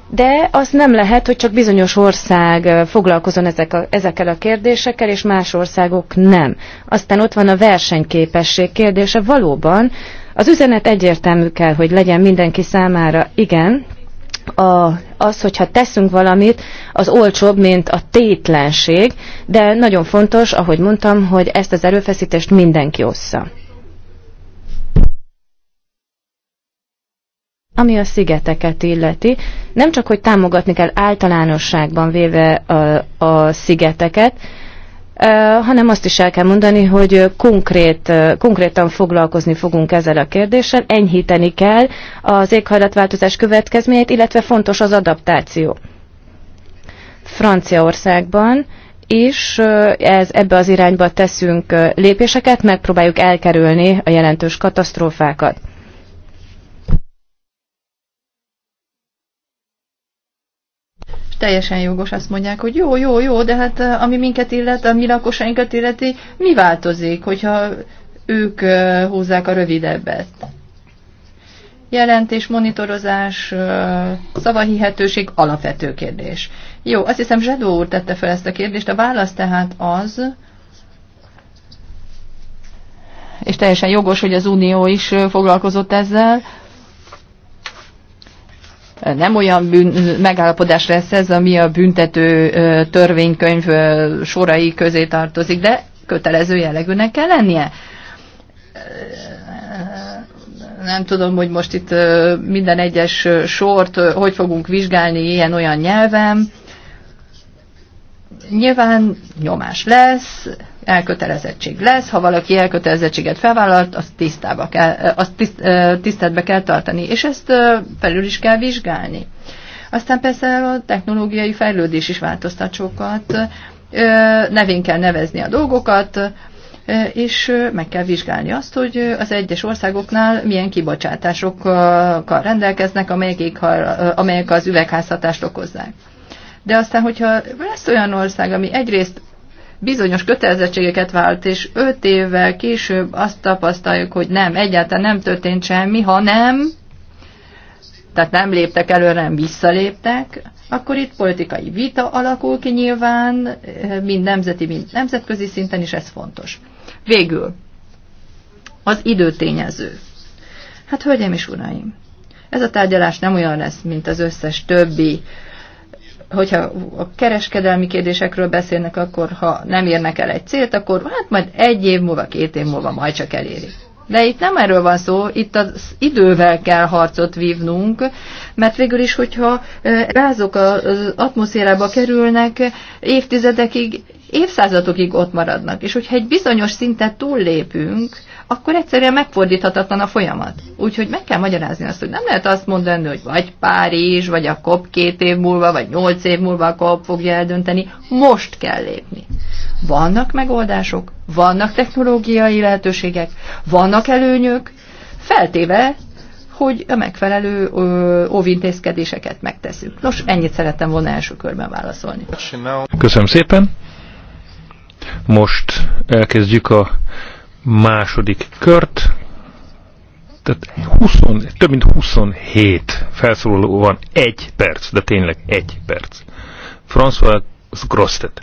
De az nem lehet, hogy csak bizonyos ország foglalkozon ezek a, ezekkel a kérdésekkel, és más országok nem. Aztán ott van a versenyképesség kérdése. Valóban az üzenet egyértelmű kell, hogy legyen mindenki számára. Igen, a, az, hogyha teszünk valamit, az olcsóbb, mint a tétlenség, de nagyon fontos, ahogy mondtam, hogy ezt az erőfeszítést mindenki ossza. Ami a szigeteket illeti, nem csak, hogy támogatni kell általánosságban véve a, a szigeteket, hanem azt is el kell mondani, hogy konkrét, konkrétan foglalkozni fogunk ezzel a kérdéssel, enyhíteni kell az éghajlatváltozás következményeit, illetve fontos az adaptáció. Franciaországban és ez, ebbe az irányba teszünk lépéseket, megpróbáljuk elkerülni a jelentős katasztrófákat. teljesen jogos azt mondják, hogy jó, jó, jó, de hát eh, ami minket illet, a mi lakosainkat illeti, mi változik, hogyha ők eh, húzzák a rövidebbet? Jelentés, monitorozás, eh, szavahihetőség alapvető kérdés. Jó, azt hiszem Zsedó úr tette fel ezt a kérdést, a válasz tehát az, és teljesen jogos, hogy az Unió is foglalkozott ezzel, nem olyan bűn, megállapodás lesz ez, ami a büntető törvénykönyv sorai közé tartozik, de kötelező jellegűnek kell lennie. Nem tudom, hogy most itt minden egyes sort hogy fogunk vizsgálni ilyen-olyan nyelven. Nyilván nyomás lesz, elkötelezettség lesz. Ha valaki elkötelezettséget felvállalt, azt, tisztába kell, azt tiszt, tiszteletbe kell tartani, és ezt felül is kell vizsgálni. Aztán persze a technológiai fejlődés is változtat sokat, nevén kell nevezni a dolgokat, és meg kell vizsgálni azt, hogy az egyes országoknál milyen kibocsátásokkal rendelkeznek, amelyek, amelyek az üvegházhatást okozzák. De aztán, hogyha lesz olyan ország, ami egyrészt bizonyos kötelezettségeket vált, és öt évvel később azt tapasztaljuk, hogy nem, egyáltalán nem történt semmi, hanem, tehát nem léptek előre, nem visszaléptek, akkor itt politikai vita alakul ki nyilván, mind nemzeti, mind nemzetközi szinten, is ez fontos. Végül, az időtényező. Hát, hölgyeim és uraim, ez a tárgyalás nem olyan lesz, mint az összes többi hogyha a kereskedelmi kérdésekről beszélnek, akkor ha nem érnek el egy célt, akkor hát majd egy év múlva, két év múlva majd csak elérik. De itt nem erről van szó, itt az idővel kell harcot vívnunk, mert végül is, hogyha gázok az atmoszférába kerülnek, évtizedekig, évszázadokig ott maradnak. És hogyha egy bizonyos szintet túllépünk, akkor egyszerűen megfordíthatatlan a folyamat. Úgyhogy meg kell magyarázni azt, hogy nem lehet azt mondani, hogy vagy Párizs, vagy a kop két év múlva, vagy nyolc év múlva a kop fogja eldönteni, most kell lépni. Vannak megoldások, vannak technológiai lehetőségek, vannak előnyök, feltéve, hogy a megfelelő óvintézkedéseket megteszünk. Nos, ennyit szerettem volna első körben válaszolni. Köszönöm szépen. Most elkezdjük a második kört. Tehát 20, több mint 27 felszólaló van, egy perc, de tényleg egy perc. François Grosztet.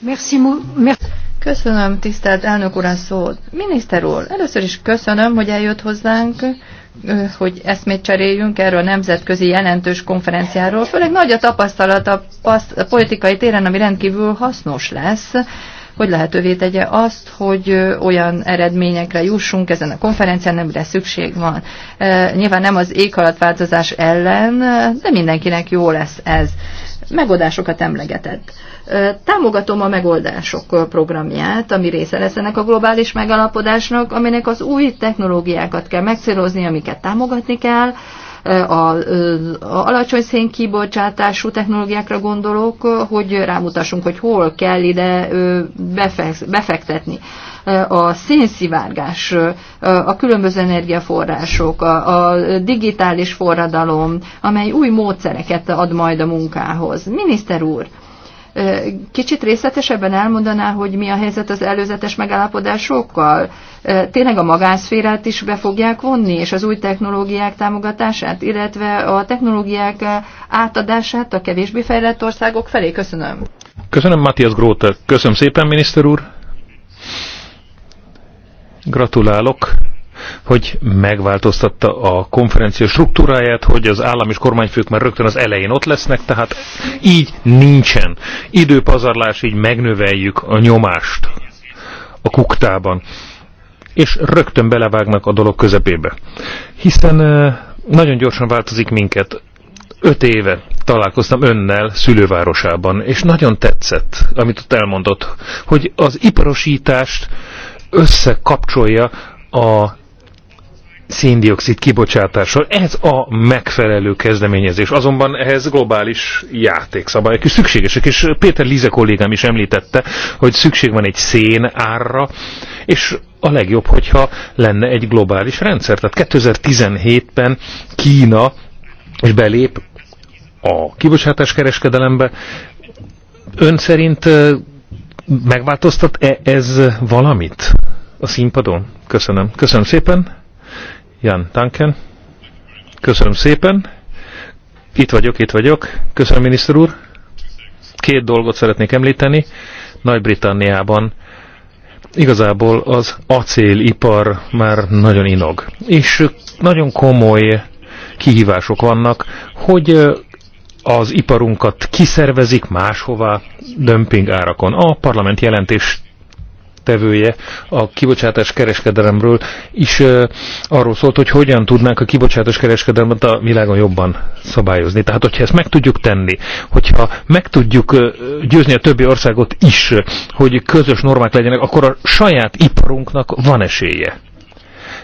Merci, merci. Köszönöm, tisztelt elnök úr, szót. Miniszter úr, először is köszönöm, hogy eljött hozzánk, hogy eszmét cseréljünk erről a nemzetközi jelentős konferenciáról. Főleg nagy a tapasztalat a politikai téren, ami rendkívül hasznos lesz hogy lehetővé tegye azt, hogy olyan eredményekre jussunk ezen a konferencián, amire szükség van. Nyilván nem az éghajlatváltozás ellen, de mindenkinek jó lesz ez. Megoldásokat emlegetett. Támogatom a megoldások programját, ami része lesz ennek a globális megalapodásnak, aminek az új technológiákat kell megcélozni, amiket támogatni kell, az alacsony szénkibocsátású technológiákra gondolok, hogy rámutassunk, hogy hol kell ide befektetni. A szénszivárgás, a különböző energiaforrások, a digitális forradalom, amely új módszereket ad majd a munkához. Miniszter úr, Kicsit részletesebben elmondaná, hogy mi a helyzet az előzetes megállapodásokkal? Tényleg a magánszférát is be fogják vonni, és az új technológiák támogatását, illetve a technológiák átadását a kevésbé fejlett országok felé? Köszönöm. Köszönöm, Matthias Gróta. Köszönöm szépen, miniszter úr. Gratulálok hogy megváltoztatta a konferencia struktúráját, hogy az állam és kormányfők már rögtön az elején ott lesznek, tehát így nincsen időpazarlás, így megnöveljük a nyomást a kuktában, és rögtön belevágnak a dolog közepébe. Hiszen nagyon gyorsan változik minket. Öt éve találkoztam önnel szülővárosában, és nagyon tetszett, amit ott elmondott, hogy az iparosítást összekapcsolja a széndiokszid kibocsátással. Ez a megfelelő kezdeményezés. Azonban ehhez globális játékszabályok is szükségesek, és Péter Lize kollégám is említette, hogy szükség van egy szén árra, és a legjobb, hogyha lenne egy globális rendszer. Tehát 2017-ben Kína és belép a kibocsátás kereskedelembe. Ön szerint megváltoztat-e ez valamit a színpadon? Köszönöm. Köszönöm szépen. Jan Tanken. Köszönöm szépen. Itt vagyok, itt vagyok. Köszönöm, miniszter úr. Két dolgot szeretnék említeni. Nagy-Britanniában igazából az acélipar már nagyon inog. És nagyon komoly kihívások vannak, hogy az iparunkat kiszervezik máshová dömping árakon. A parlament jelentés tevője a kibocsátás kereskedelemről is arról szólt, hogy hogyan tudnánk a kibocsátás kereskedelmet a világon jobban szabályozni. Tehát, hogyha ezt meg tudjuk tenni, hogyha meg tudjuk győzni a többi országot is, hogy közös normák legyenek, akkor a saját iparunknak van esélye.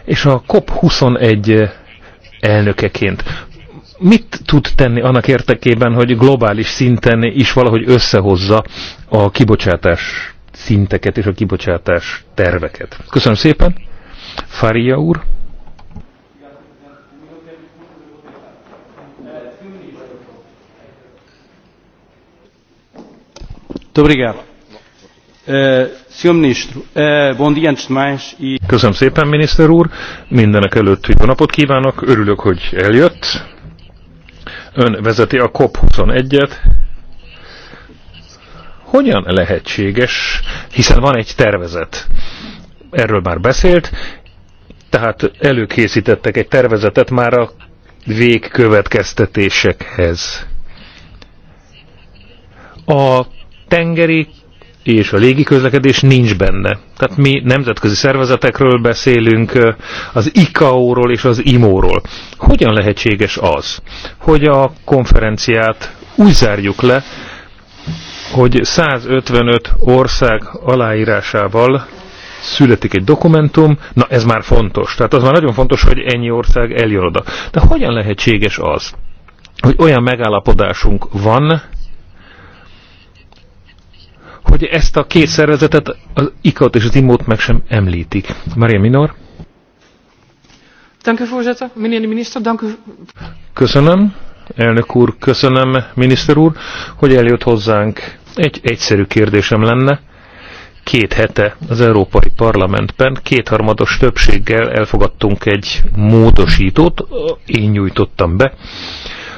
És a COP21 elnökeként mit tud tenni annak értekében, hogy globális szinten is valahogy összehozza a kibocsátás szinteket és a kibocsátás terveket. Köszönöm szépen. Faria úr. Eh, eh, e- Köszönöm szépen, miniszter úr. Mindenek előtt jó napot kívánok. Örülök, hogy eljött. Ön vezeti a COP21-et, hogyan lehetséges, hiszen van egy tervezet, erről már beszélt, tehát előkészítettek egy tervezetet már a végkövetkeztetésekhez. A tengeri és a légi közlekedés nincs benne. Tehát mi nemzetközi szervezetekről beszélünk, az ICAO-ról és az IMO-ról. Hogyan lehetséges az, hogy a konferenciát úgy zárjuk le, hogy 155 ország aláírásával születik egy dokumentum, na ez már fontos. Tehát az már nagyon fontos, hogy ennyi ország eljön oda. De hogyan lehetséges az, hogy olyan megállapodásunk van, hogy ezt a két szervezetet, az ICAO-t és az IMO-t meg sem említik. Maria Minor? Dank u voorzitter. Meneer de minister, dank u. Köszönöm, elnök úr, köszönöm, miniszter úr, hogy eljött hozzánk egy egyszerű kérdésem lenne. Két hete az Európai Parlamentben kétharmados többséggel elfogadtunk egy módosítót, én nyújtottam be,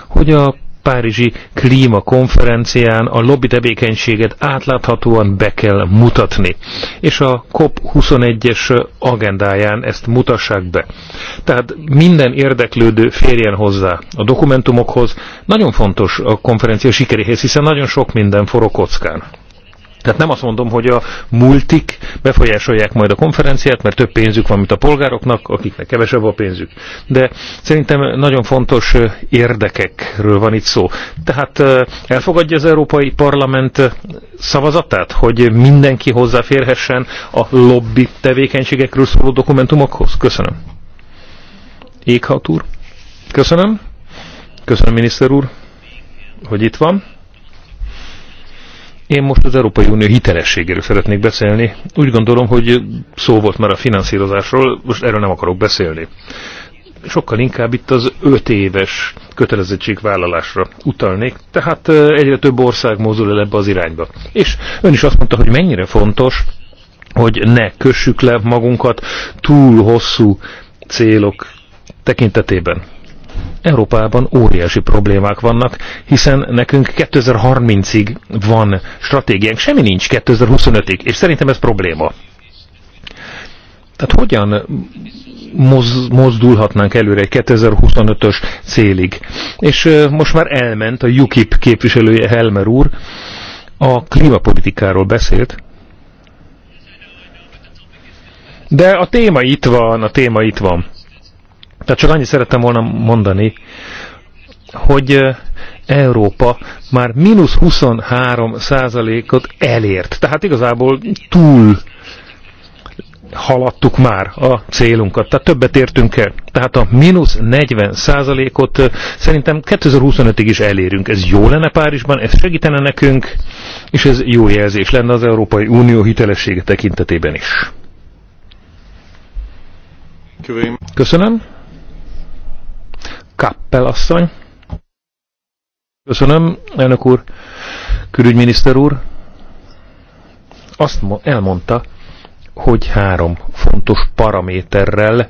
hogy a Párizsi klímakonferencián a lobby tevékenységet átláthatóan be kell mutatni, és a COP21-es agendáján ezt mutassák be. Tehát minden érdeklődő férjen hozzá a dokumentumokhoz. Nagyon fontos a konferencia sikeréhez, hiszen nagyon sok minden forog kockán. Tehát nem azt mondom, hogy a multik befolyásolják majd a konferenciát, mert több pénzük van, mint a polgároknak, akiknek kevesebb a pénzük. De szerintem nagyon fontos érdekekről van itt szó. Tehát elfogadja az Európai Parlament szavazatát, hogy mindenki hozzáférhessen a lobby tevékenységekről szóló dokumentumokhoz? Köszönöm. Éghat úr. Köszönöm. Köszönöm, miniszter úr, hogy itt van. Én most az Európai Unió hitelességéről szeretnék beszélni. Úgy gondolom, hogy szó volt már a finanszírozásról, most erről nem akarok beszélni. Sokkal inkább itt az öt éves kötelezettségvállalásra utalnék, tehát egyre több ország mozdul el ebbe az irányba. És ön is azt mondta, hogy mennyire fontos, hogy ne kössük le magunkat túl hosszú célok tekintetében. Európában óriási problémák vannak, hiszen nekünk 2030-ig van stratégiánk, semmi nincs 2025-ig, és szerintem ez probléma. Tehát hogyan moz, mozdulhatnánk előre egy 2025-ös célig? És most már elment a UKIP képviselője Helmer úr, a klímapolitikáról beszélt, de a téma itt van, a téma itt van. Tehát csak annyit szerettem volna mondani, hogy Európa már mínusz 23 százalékot elért. Tehát igazából túl haladtuk már a célunkat, tehát többet értünk el. Tehát a mínusz 40 százalékot szerintem 2025-ig is elérünk. Ez jó lenne Párizsban, ez segítene nekünk, és ez jó jelzés lenne az Európai Unió hitelessége tekintetében is. Köszönöm. Kappel asszony. Köszönöm, elnök úr, külügyminiszter úr. Azt elmondta, hogy három fontos paraméterrel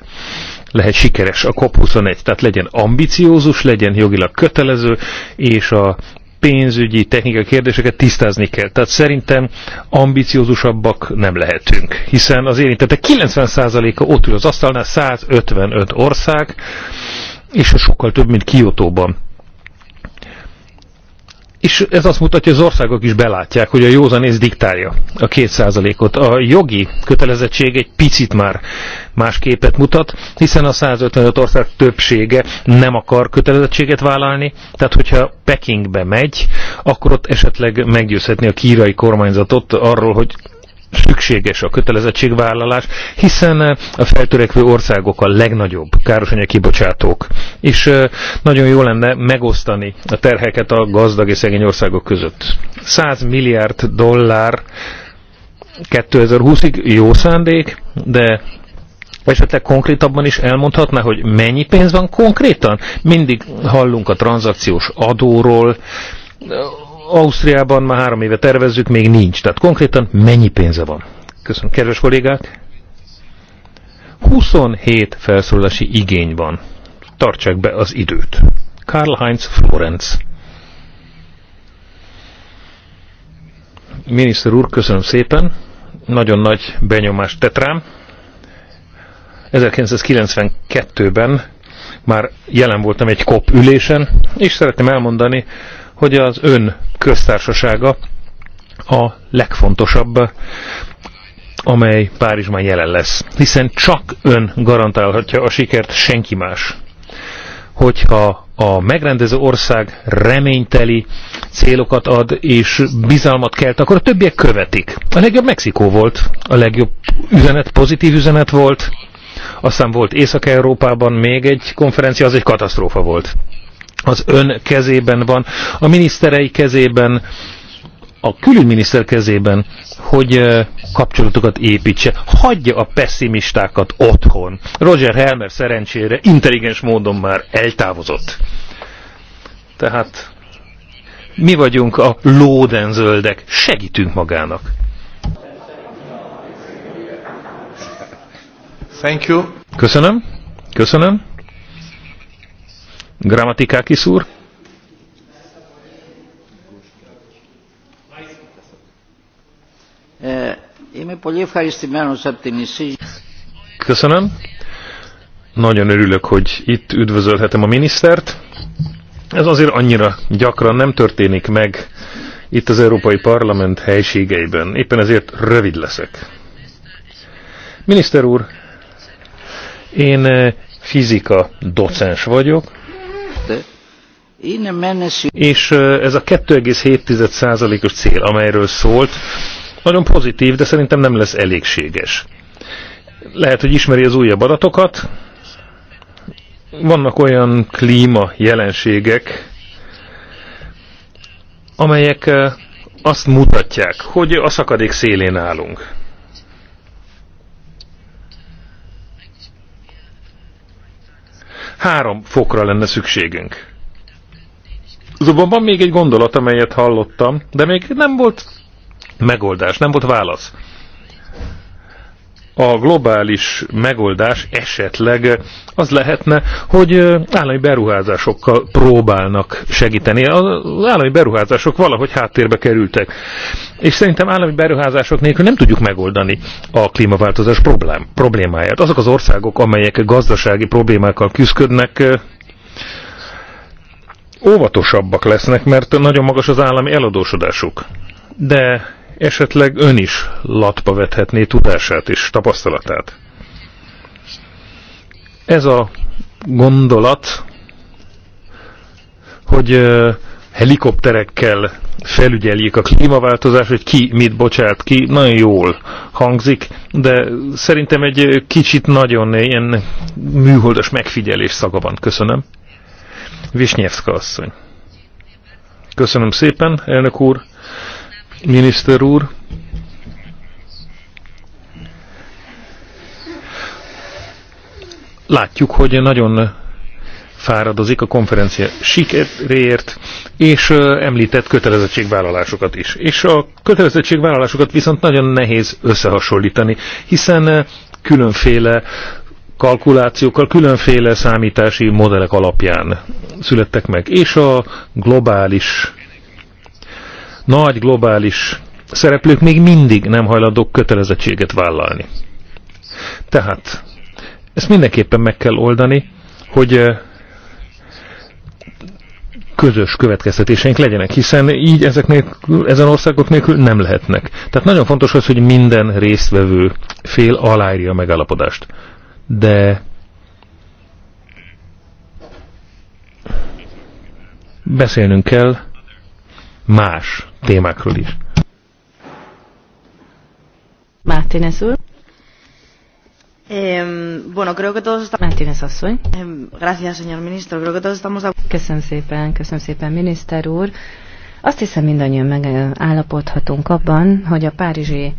lehet sikeres a COP21. Tehát legyen ambiciózus, legyen jogilag kötelező, és a pénzügyi, technikai kérdéseket tisztázni kell. Tehát szerintem ambiciózusabbak nem lehetünk, hiszen az érintettek 90%-a ott ül az asztalnál, 155 ország, és ez sokkal több, mint Kiotóban. És ez azt mutatja, hogy az országok is belátják, hogy a józanész diktálja a két százalékot. A jogi kötelezettség egy picit már más képet mutat, hiszen a 155 ország többsége nem akar kötelezettséget vállalni, tehát hogyha Pekingbe megy, akkor ott esetleg meggyőzhetni a kírai kormányzatot arról, hogy szükséges a kötelezettségvállalás, hiszen eh, a feltörekvő országok a legnagyobb károsanyag kibocsátók. És eh, nagyon jó lenne megosztani a terheket a gazdag és szegény országok között. 100 milliárd dollár 2020-ig jó szándék, de esetleg konkrétabban is elmondhatná, hogy mennyi pénz van konkrétan? Mindig hallunk a tranzakciós adóról, Ausztriában már három éve tervezzük, még nincs. Tehát konkrétan mennyi pénze van? Köszönöm. Kedves kollégák! 27 felszólalási igény van. Tartsák be az időt. Karl-Heinz Florenz. Miniszter úr, köszönöm szépen. Nagyon nagy benyomást tett rám. 1992-ben már jelen voltam egy kop ülésen, és szeretném elmondani, hogy az ön köztársasága a legfontosabb, amely Párizsban jelen lesz. Hiszen csak ön garantálhatja a sikert, senki más. Hogyha a megrendező ország reményteli célokat ad és bizalmat kelt, akkor a többiek követik. A legjobb Mexikó volt, a legjobb üzenet, pozitív üzenet volt, aztán volt Észak-Európában még egy konferencia, az egy katasztrófa volt az ön kezében van, a miniszterei kezében, a külügyminiszter kezében, hogy kapcsolatokat építse. Hagyja a pessimistákat otthon. Roger Helmer szerencsére intelligens módon már eltávozott. Tehát mi vagyunk a lódenzöldek, segítünk magának. Thank you. Köszönöm. Köszönöm. Grammatikákis úr? Eh, Köszönöm. Nagyon örülök, hogy itt üdvözölhetem a minisztert. Ez azért annyira gyakran nem történik meg itt az Európai Parlament helységeiben. Éppen ezért rövid leszek. Miniszter úr, én eh, fizika docens vagyok, és ez a 2,7%-os cél, amelyről szólt, nagyon pozitív, de szerintem nem lesz elégséges. Lehet, hogy ismeri az újabb adatokat. Vannak olyan klíma jelenségek, amelyek azt mutatják, hogy a szakadék szélén állunk. Három fokra lenne szükségünk. Azonban van még egy gondolat, amelyet hallottam, de még nem volt megoldás, nem volt válasz. A globális megoldás esetleg az lehetne, hogy állami beruházásokkal próbálnak segíteni. Az állami beruházások valahogy háttérbe kerültek. És szerintem állami beruházások nélkül nem tudjuk megoldani a klímaváltozás problém, problémáját. Azok az országok, amelyek gazdasági problémákkal küzdködnek, óvatosabbak lesznek, mert nagyon magas az állami eladósodásuk. De esetleg ön is latba vethetné tudását és tapasztalatát. Ez a gondolat, hogy helikopterekkel felügyeljék a klímaváltozás, hogy ki mit bocsát ki, nagyon jól hangzik, de szerintem egy kicsit nagyon ilyen műholdas megfigyelés szaga van. Köszönöm. Visnyevszka asszony. Köszönöm szépen, elnök úr, miniszter úr. Látjuk, hogy nagyon fáradozik a konferencia sikeréért, és említett kötelezettségvállalásokat is. És a kötelezettségvállalásokat viszont nagyon nehéz összehasonlítani, hiszen különféle kalkulációkkal, különféle számítási modellek alapján születtek meg. És a globális, nagy globális szereplők még mindig nem hajlandók kötelezettséget vállalni. Tehát ezt mindenképpen meg kell oldani, hogy eh, közös következtetéseink legyenek, hiszen így ezek nélkül, ezen országok nélkül nem lehetnek. Tehát nagyon fontos az, hogy minden résztvevő fél aláírja a megállapodást de beszélnünk kell más témákról is. Mártinez úr. bueno, creo que todos estamos... Martínez asszony. gracias, señor ministro. Creo que todos estamos... Köszönöm szépen, köszönöm szépen, miniszter úr. Azt hiszem mindannyian megállapodhatunk abban, hogy a párizsi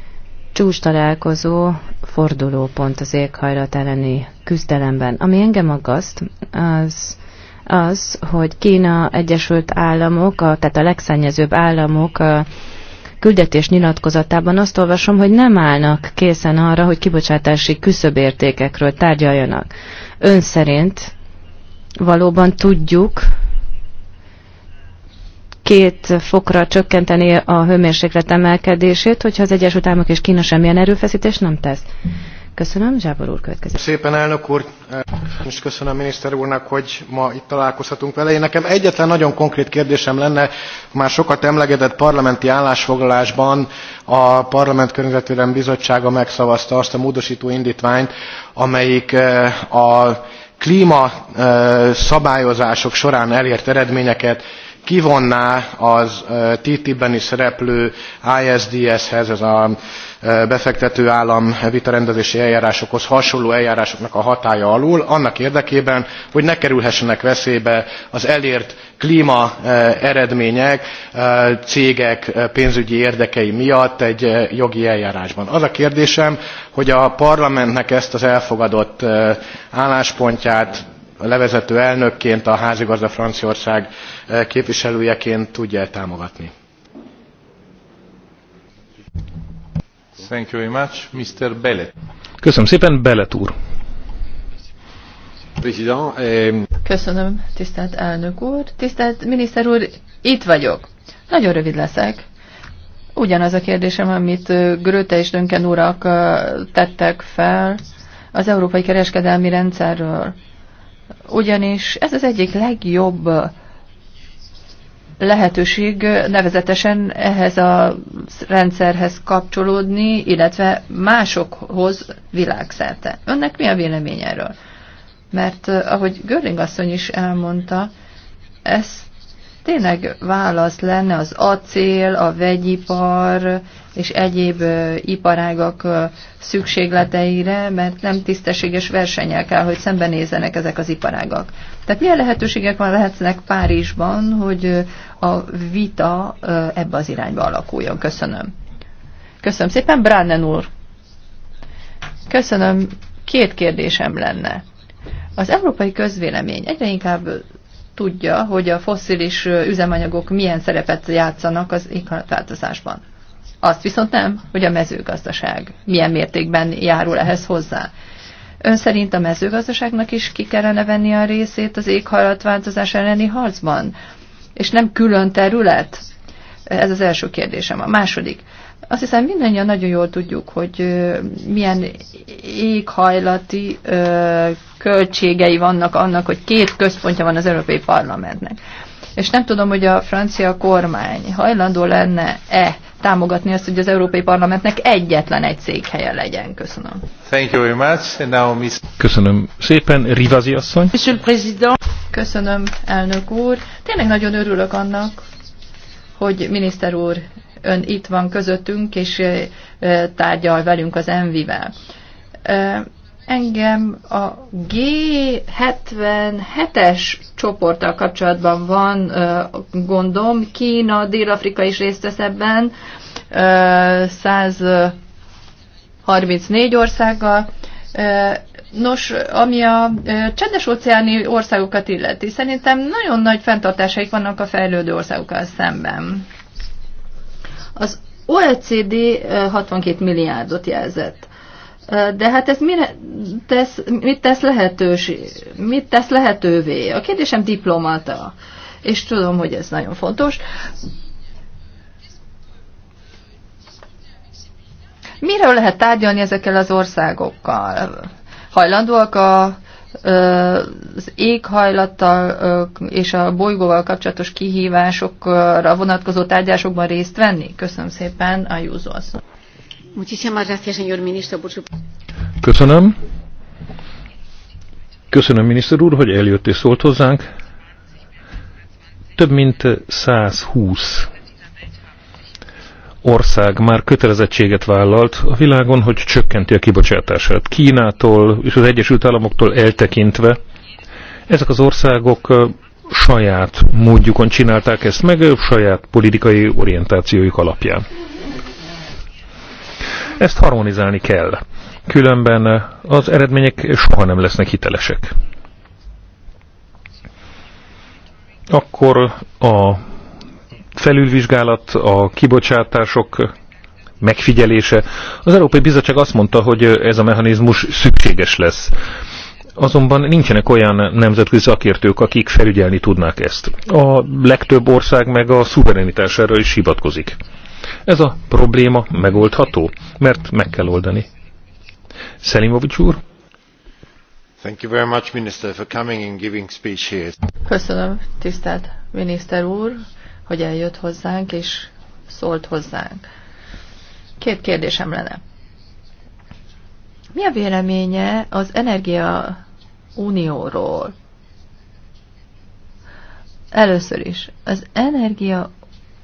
csúcs találkozó fordulópont az éghajlat elleni küzdelemben. Ami engem aggaszt, az az, hogy Kína Egyesült Államok, a, tehát a legszennyezőbb államok a küldetés nyilatkozatában azt olvasom, hogy nem állnak készen arra, hogy kibocsátási küszöbértékekről tárgyaljanak. Ön szerint valóban tudjuk, két fokra csökkenteni a hőmérséklet emelkedését, hogyha az Egyesült Államok és Kína semmilyen erőfeszítést nem tesz. Köszönöm, Zsábor úr következik. Szépen elnök úr, és köszönöm miniszter úrnak, hogy ma itt találkozhatunk vele. Én nekem egyetlen nagyon konkrét kérdésem lenne, már sokat emlegedett parlamenti állásfoglalásban a Parlament Környezetvédelmi Bizottsága megszavazta azt a módosító indítványt, amelyik eh, a klíma eh, szabályozások során elért eredményeket kivonná az TTIP-ben is szereplő ISDS-hez, ez a befektető állam vitarendezési eljárásokhoz hasonló eljárásoknak a hatálya alól, annak érdekében, hogy ne kerülhessenek veszélybe az elért klmaeredmények eredmények cégek pénzügyi érdekei miatt egy jogi eljárásban. Az a kérdésem, hogy a parlamentnek ezt az elfogadott álláspontját levezető elnökként, a házigazda Franciaország eh, képviselőjeként tudja -e támogatni. Thank you very much. Mr. Bellet. Köszönöm szépen, Bellet úr. Eh, Köszönöm, tisztelt elnök úr. Tisztelt miniszter úr, itt vagyok. Nagyon rövid leszek. Ugyanaz a kérdésem, amit eh, Gröte és Dönken urak tettek fel az európai kereskedelmi rendszerről ugyanis ez az egyik legjobb lehetőség nevezetesen ehhez a rendszerhez kapcsolódni, illetve másokhoz világszerte. Önnek mi a vélemény erről? Mert ahogy Görling asszony is elmondta, ezt tényleg válasz lenne az acél, a vegyipar és egyéb iparágak szükségleteire, mert nem tisztességes versenyel kell, hogy szembenézzenek ezek az iparágak. Tehát milyen lehetőségek van lehetnek Párizsban, hogy a vita ebbe az irányba alakuljon? Köszönöm. Köszönöm szépen, Bránnen úr. Köszönöm. Két kérdésem lenne. Az európai közvélemény egyre inkább tudja, hogy a fosszilis üzemanyagok milyen szerepet játszanak az éghajlatváltozásban. Azt viszont nem, hogy a mezőgazdaság milyen mértékben járul ehhez hozzá. Ön szerint a mezőgazdaságnak is ki kellene venni a részét az éghajlatváltozás elleni harcban? És nem külön terület? Ez az első kérdésem. A második. Azt hiszem mindannyian nagyon jól tudjuk, hogy milyen éghajlati költségei vannak annak, hogy két központja van az Európai Parlamentnek. És nem tudom, hogy a francia kormány hajlandó lenne-e támogatni azt, hogy az Európai Parlamentnek egyetlen egy székhelye legyen. Köszönöm. Thank you very much. And now miss... Köszönöm szépen, Rivazi asszony. Köszönöm, elnök úr. Tényleg nagyon örülök annak, hogy miniszter úr ön itt van közöttünk, és tárgyal velünk az Envivel. Engem a G77-es csoporttal kapcsolatban van gondom. Kína, Dél-Afrika is részt vesz ebben, 134 országgal. Nos, ami a csendes-óceáni országokat illeti, szerintem nagyon nagy fenntartásaik vannak a fejlődő országokkal szemben. Az OECD 62 milliárdot jelzett. De hát ez mire tesz, mit, tesz lehetős, mit tesz lehetővé? A kérdésem diplomata, és tudom, hogy ez nagyon fontos. Miről lehet tárgyalni ezekkel az országokkal? Hajlandóak a az éghajlattal és a bolygóval kapcsolatos kihívásokra vonatkozó tárgyásokban részt venni? Köszönöm szépen a asszony. Köszönöm. Köszönöm, miniszter úr, hogy eljött és szólt hozzánk. Több mint 120 ország már kötelezettséget vállalt a világon, hogy csökkenti a kibocsátását. Kínától és az Egyesült Államoktól eltekintve ezek az országok saját módjukon csinálták ezt meg, saját politikai orientációjuk alapján. Ezt harmonizálni kell, különben az eredmények soha nem lesznek hitelesek. Akkor a felülvizsgálat, a kibocsátások megfigyelése. Az Európai Bizottság azt mondta, hogy ez a mechanizmus szükséges lesz. Azonban nincsenek olyan nemzetközi szakértők, akik felügyelni tudnák ezt. A legtöbb ország meg a szuverenitására is hivatkozik. Ez a probléma megoldható, mert meg kell oldani. Szelimovics úr? Thank you very much, Minister, for coming and giving speech here. Köszönöm, tisztelt miniszter úr, hogy eljött hozzánk és szólt hozzánk. Két kérdésem lenne. Mi a véleménye az Energia Unióról? Először is, az Energia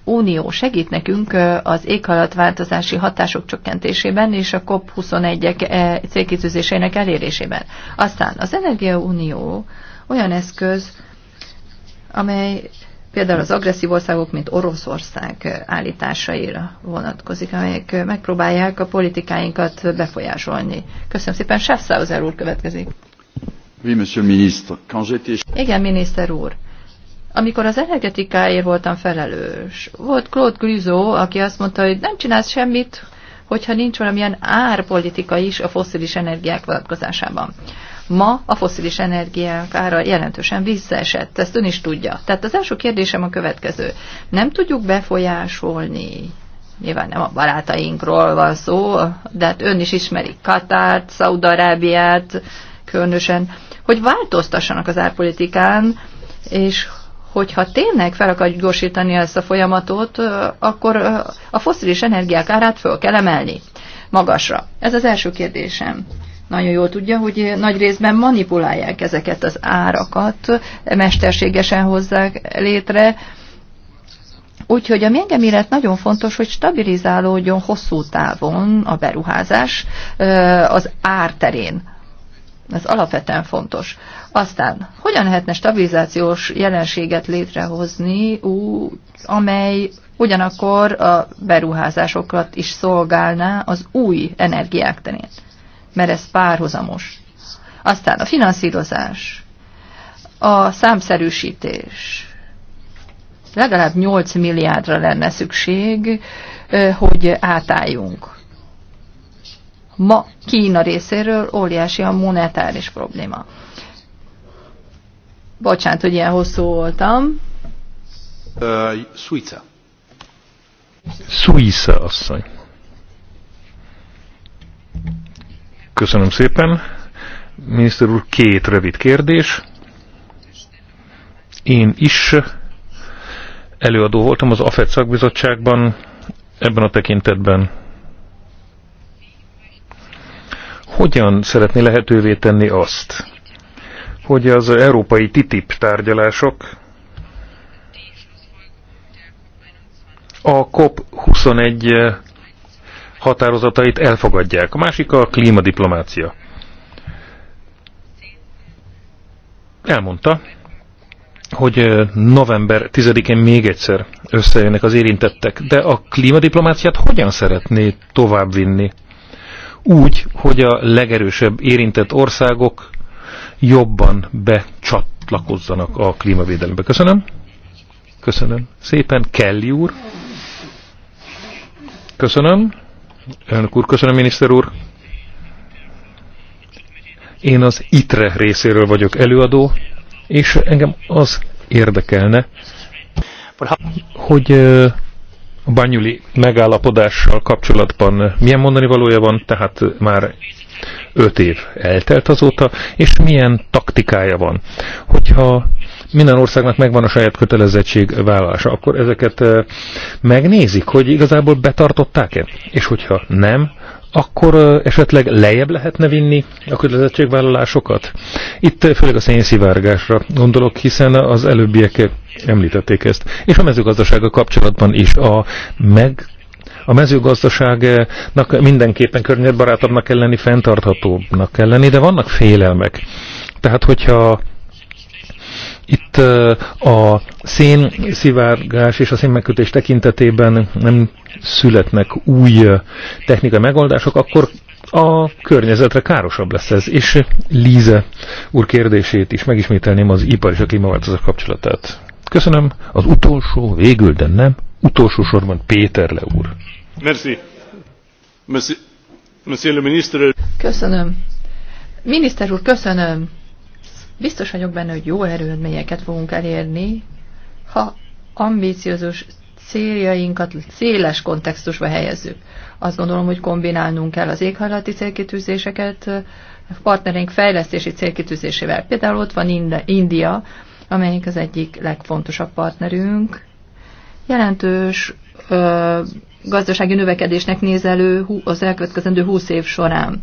Unió segít nekünk az éghajlatváltozási hatások csökkentésében és a COP21-ek e, célkitűzéseinek elérésében. Aztán az Energia Unió olyan eszköz, amely például az agresszív országok, mint Oroszország állításaira vonatkozik, amelyek megpróbálják a politikáinkat befolyásolni. Köszönöm szépen, Sászáhozer úr következik. Oui, monsieur le ministre. Quand j'étais... Igen, miniszter úr. Amikor az energetikáért voltam felelős, volt Claude Grizó, aki azt mondta, hogy nem csinálsz semmit, hogyha nincs valamilyen árpolitika is a foszilis energiák vonatkozásában ma a foszilis energiák ára jelentősen visszaesett. Ezt ön is tudja. Tehát az első kérdésem a következő. Nem tudjuk befolyásolni nyilván nem a barátainkról van szó, de hát ön is ismeri Katárt, Szaudarábiát, különösen, hogy változtassanak az árpolitikán, és hogyha tényleg fel akarjuk gyorsítani ezt a folyamatot, akkor a foszilis energiák árát föl kell emelni magasra. Ez az első kérdésem nagyon jól tudja, hogy nagy részben manipulálják ezeket az árakat, mesterségesen hozzák létre. Úgyhogy a engem illet nagyon fontos, hogy stabilizálódjon hosszú távon a beruházás az árterén. Ez alapvetően fontos. Aztán, hogyan lehetne stabilizációs jelenséget létrehozni, úgy, amely ugyanakkor a beruházásokat is szolgálná az új energiák terén? mert ez párhuzamos. Aztán a finanszírozás, a számszerűsítés. Legalább 8 milliárdra lenne szükség, hogy átálljunk. Ma Kína részéről óriási a monetáris probléma. Bocsánat, hogy ilyen hosszú voltam. Uh, Suica. Suica asszony. Köszönöm szépen. Miniszter úr, két rövid kérdés. Én is előadó voltam az AFED szakbizottságban ebben a tekintetben. Hogyan szeretné lehetővé tenni azt, hogy az európai TTIP tárgyalások a COP21 határozatait elfogadják. A másik a klímadiplomácia. Elmondta, hogy november 10-én még egyszer összejönnek az érintettek, de a klímadiplomáciát hogyan szeretné továbbvinni? Úgy, hogy a legerősebb érintett országok jobban becsatlakozzanak a klímavédelembe. Köszönöm. Köszönöm szépen. Kelly úr. Köszönöm. Elnök úr, köszönöm, miniszter úr. Én az ITRE részéről vagyok előadó, és engem az érdekelne, hogy a banyuli megállapodással kapcsolatban milyen mondani valója van, tehát már öt év eltelt azóta, és milyen taktikája van. Hogyha minden országnak megvan a saját kötelezettség vállalása, akkor ezeket eh, megnézik, hogy igazából betartották-e? És hogyha nem, akkor eh, esetleg lejjebb lehetne vinni a kötelezettségvállalásokat? Itt eh, főleg a szénszivárgásra gondolok, hiszen az előbbiek említették ezt. És a mezőgazdasága kapcsolatban is a meg a mezőgazdaságnak mindenképpen környezetbarátabbnak kell lenni, fenntarthatóbbnak kell lenni, de vannak félelmek. Tehát, hogyha itt a szén szivárgás és a szénmegkötés tekintetében nem születnek új technikai megoldások, akkor a környezetre károsabb lesz ez. És Líze úr kérdését is megismételném az ipar és a klímaváltozás kapcsolatát. Köszönöm. Az utolsó, végül, de nem, utolsó sorban Péter Le úr. Merci. Merci. Monsieur le ministre. Köszönöm. Miniszter úr, köszönöm. Biztos vagyok benne, hogy jó erőlményeket fogunk elérni, ha ambíciózus céljainkat széles kontextusba helyezzük. Azt gondolom, hogy kombinálnunk kell az éghajlati célkitűzéseket partnerink fejlesztési célkitűzésével. Például ott van India, amelyik az egyik legfontosabb partnerünk. Jelentős ö, gazdasági növekedésnek néz elő az elkövetkezendő 20 év során.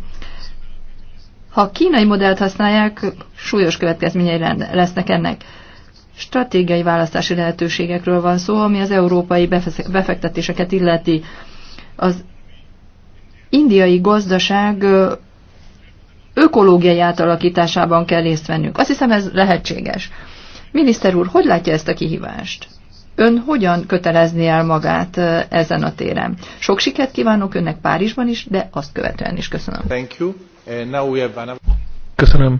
Ha a kínai modellt használják, súlyos következményei lesznek ennek. Stratégiai választási lehetőségekről van szó, ami az európai befektetéseket illeti. Az indiai gazdaság ökológiai átalakításában kell részt vennünk. Azt hiszem ez lehetséges. Miniszter úr, hogy látja ezt a kihívást? Ön hogyan kötelezni el magát ezen a téren? Sok sikert kívánok önnek Párizsban is, de azt követően is köszönöm. Thank you. Eh, Köszönöm.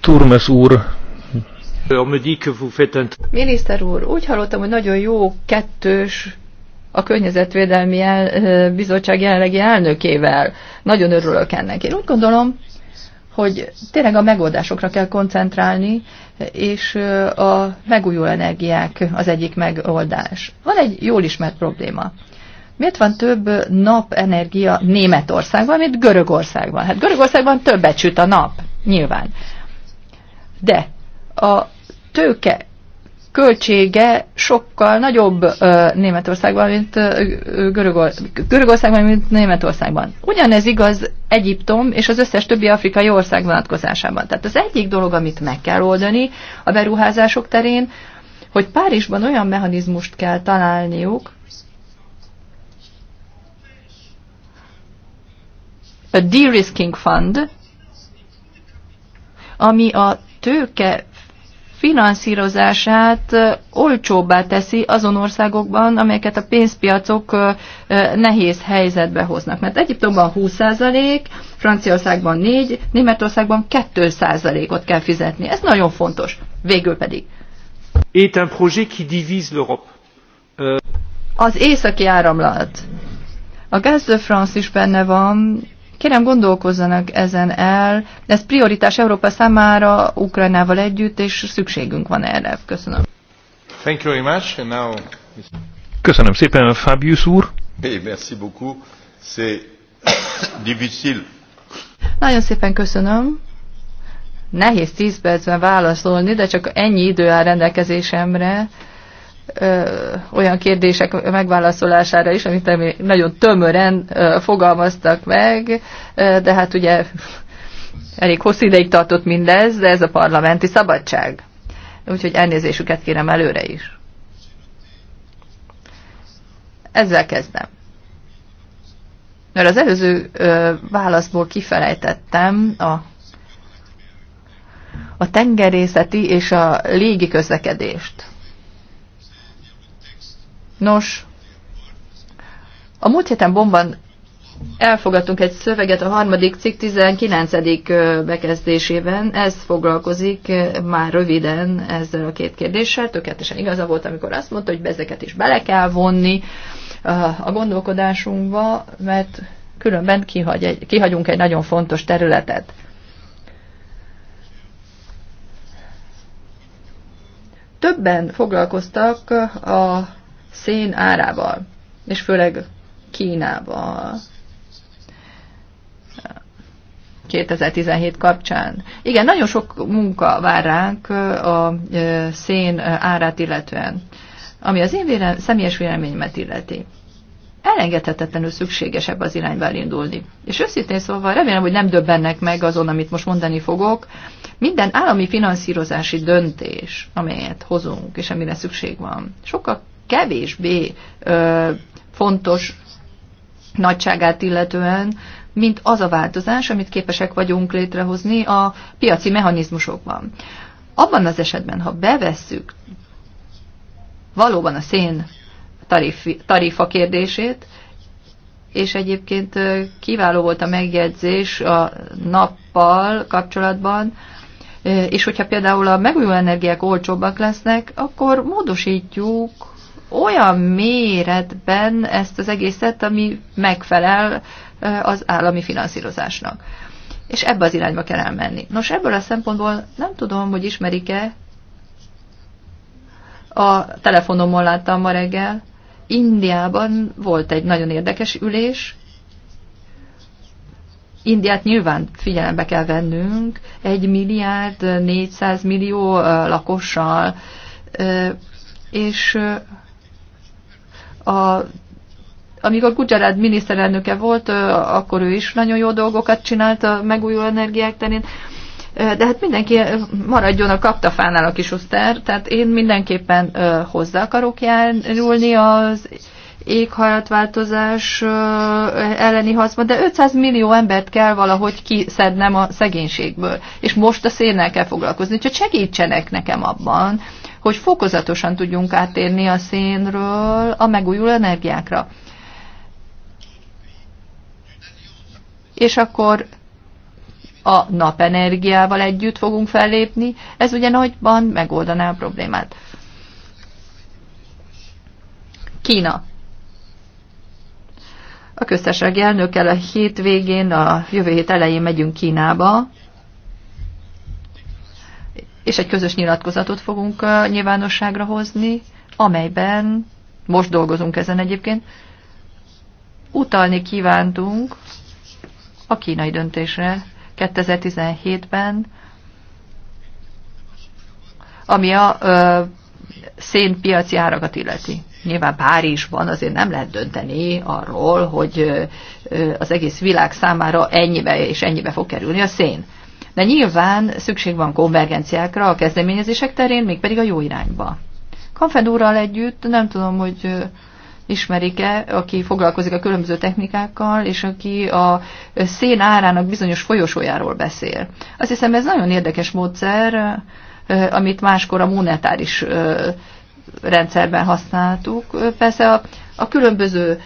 Turmes úr. Miniszter úr, úgy hallottam, hogy nagyon jó kettős a Környezetvédelmi el, eh, Bizottság jelenlegi elnökével. Nagyon örülök ennek. Én úgy gondolom, hogy tényleg a megoldásokra kell koncentrálni, és eh, a megújuló energiák az egyik megoldás. Van egy jól ismert probléma. Miért van több napenergia Németországban, mint Görögországban? Hát Görögországban többet süt a nap, nyilván. De a tőke költsége sokkal nagyobb Németországban, mint Görögor, Görögországban, mint Németországban. Ugyanez igaz Egyiptom és az összes többi afrikai ország vonatkozásában. Tehát az egyik dolog, amit meg kell oldani a beruházások terén, hogy Párizsban olyan mechanizmust kell találniuk, a de-risking fund, ami a tőke finanszírozását olcsóbbá teszi azon országokban, amelyeket a pénzpiacok nehéz helyzetbe hoznak. Mert Egyiptomban 20%, Franciaországban 4%, Németországban 2%-ot kell fizetni. Ez nagyon fontos. Végül pedig. Euh, Az északi áramlat. A Gaz de France is benne van, Kérem, gondolkozzanak ezen el. Ez prioritás Európa számára, Ukrajnával együtt, és szükségünk van erre. Köszönöm. Thank you very much. And now... Köszönöm szépen, Fabius úr. Hey, merci beaucoup. C'est difficile. Nagyon szépen köszönöm. Nehéz tíz percben válaszolni, de csak ennyi idő áll rendelkezésemre olyan kérdések megválaszolására is, amit nagyon tömören fogalmaztak meg, de hát ugye elég hosszú ideig tartott mindez, de ez a parlamenti szabadság. Úgyhogy elnézésüket kérem előre is. Ezzel kezdem. Mert az előző ö, válaszból kifelejtettem a, a tengerészeti és a légi közlekedést. Nos, a múlt héten bomban elfogadtunk egy szöveget a harmadik cikk 19. bekezdésében, ez foglalkozik már röviden ezzel a két kérdéssel, tökéletesen igaza volt, amikor azt mondta, hogy ezeket is bele kell vonni a gondolkodásunkba, mert különben kihagy egy, kihagyunk egy nagyon fontos területet. Többen foglalkoztak a szén árával, és főleg Kínával. 2017 kapcsán. Igen, nagyon sok munka vár ránk a szén árát illetően, ami az én vélem, személyes véleményemet illeti. Elengedhetetlenül szükséges ebbe az irányba elindulni. És őszintén szóval remélem, hogy nem döbbennek meg azon, amit most mondani fogok. Minden állami finanszírozási döntés, amelyet hozunk, és amire szükség van, sokkal kevésbé fontos nagyságát illetően, mint az a változás, amit képesek vagyunk létrehozni a piaci mechanizmusokban. Abban az esetben, ha bevesszük valóban a szén tarifi, tarifa kérdését, és egyébként kiváló volt a megjegyzés a nappal kapcsolatban, és hogyha például a megújuló energiák olcsóbbak lesznek, akkor módosítjuk olyan méretben ezt az egészet, ami megfelel az állami finanszírozásnak. És ebbe az irányba kell elmenni. Nos, ebből a szempontból nem tudom, hogy ismerik-e, a telefonomon láttam ma reggel, Indiában volt egy nagyon érdekes ülés, Indiát nyilván figyelembe kell vennünk, egy milliárd 400 millió lakossal, és a amikor Kucsarád miniszterelnöke volt, akkor ő is nagyon jó dolgokat csinált a megújuló energiák terén. De hát mindenki maradjon a kaptafánál a kis uszter, tehát én mindenképpen hozzá akarok járulni az éghajlatváltozás elleni harcban, de 500 millió embert kell valahogy kiszednem a szegénységből, és most a szénnel kell foglalkozni, úgyhogy segítsenek nekem abban, hogy fokozatosan tudjunk átérni a szénről a megújuló energiákra. És akkor a napenergiával együtt fogunk fellépni, ez ugye nagyban megoldaná a problémát. Kína. A köztársasági elnökkel a hétvégén, a jövő hét elején megyünk Kínába, és egy közös nyilatkozatot fogunk nyilvánosságra hozni, amelyben, most dolgozunk ezen egyébként, utalni kívántunk a kínai döntésre 2017-ben, ami a ö, szénpiaci árakat illeti. Nyilván Párizsban azért nem lehet dönteni arról, hogy ö, az egész világ számára ennyibe és ennyibe fog kerülni a szén. De nyilván szükség van konvergenciákra a kezdeményezések terén, mégpedig a jó irányba. Kanfedúrral együtt nem tudom, hogy ismerik-e, aki foglalkozik a különböző technikákkal, és aki a szén árának bizonyos folyosójáról beszél. Azt hiszem, ez nagyon érdekes módszer, amit máskor a monetáris rendszerben használtuk. Persze a, a különböző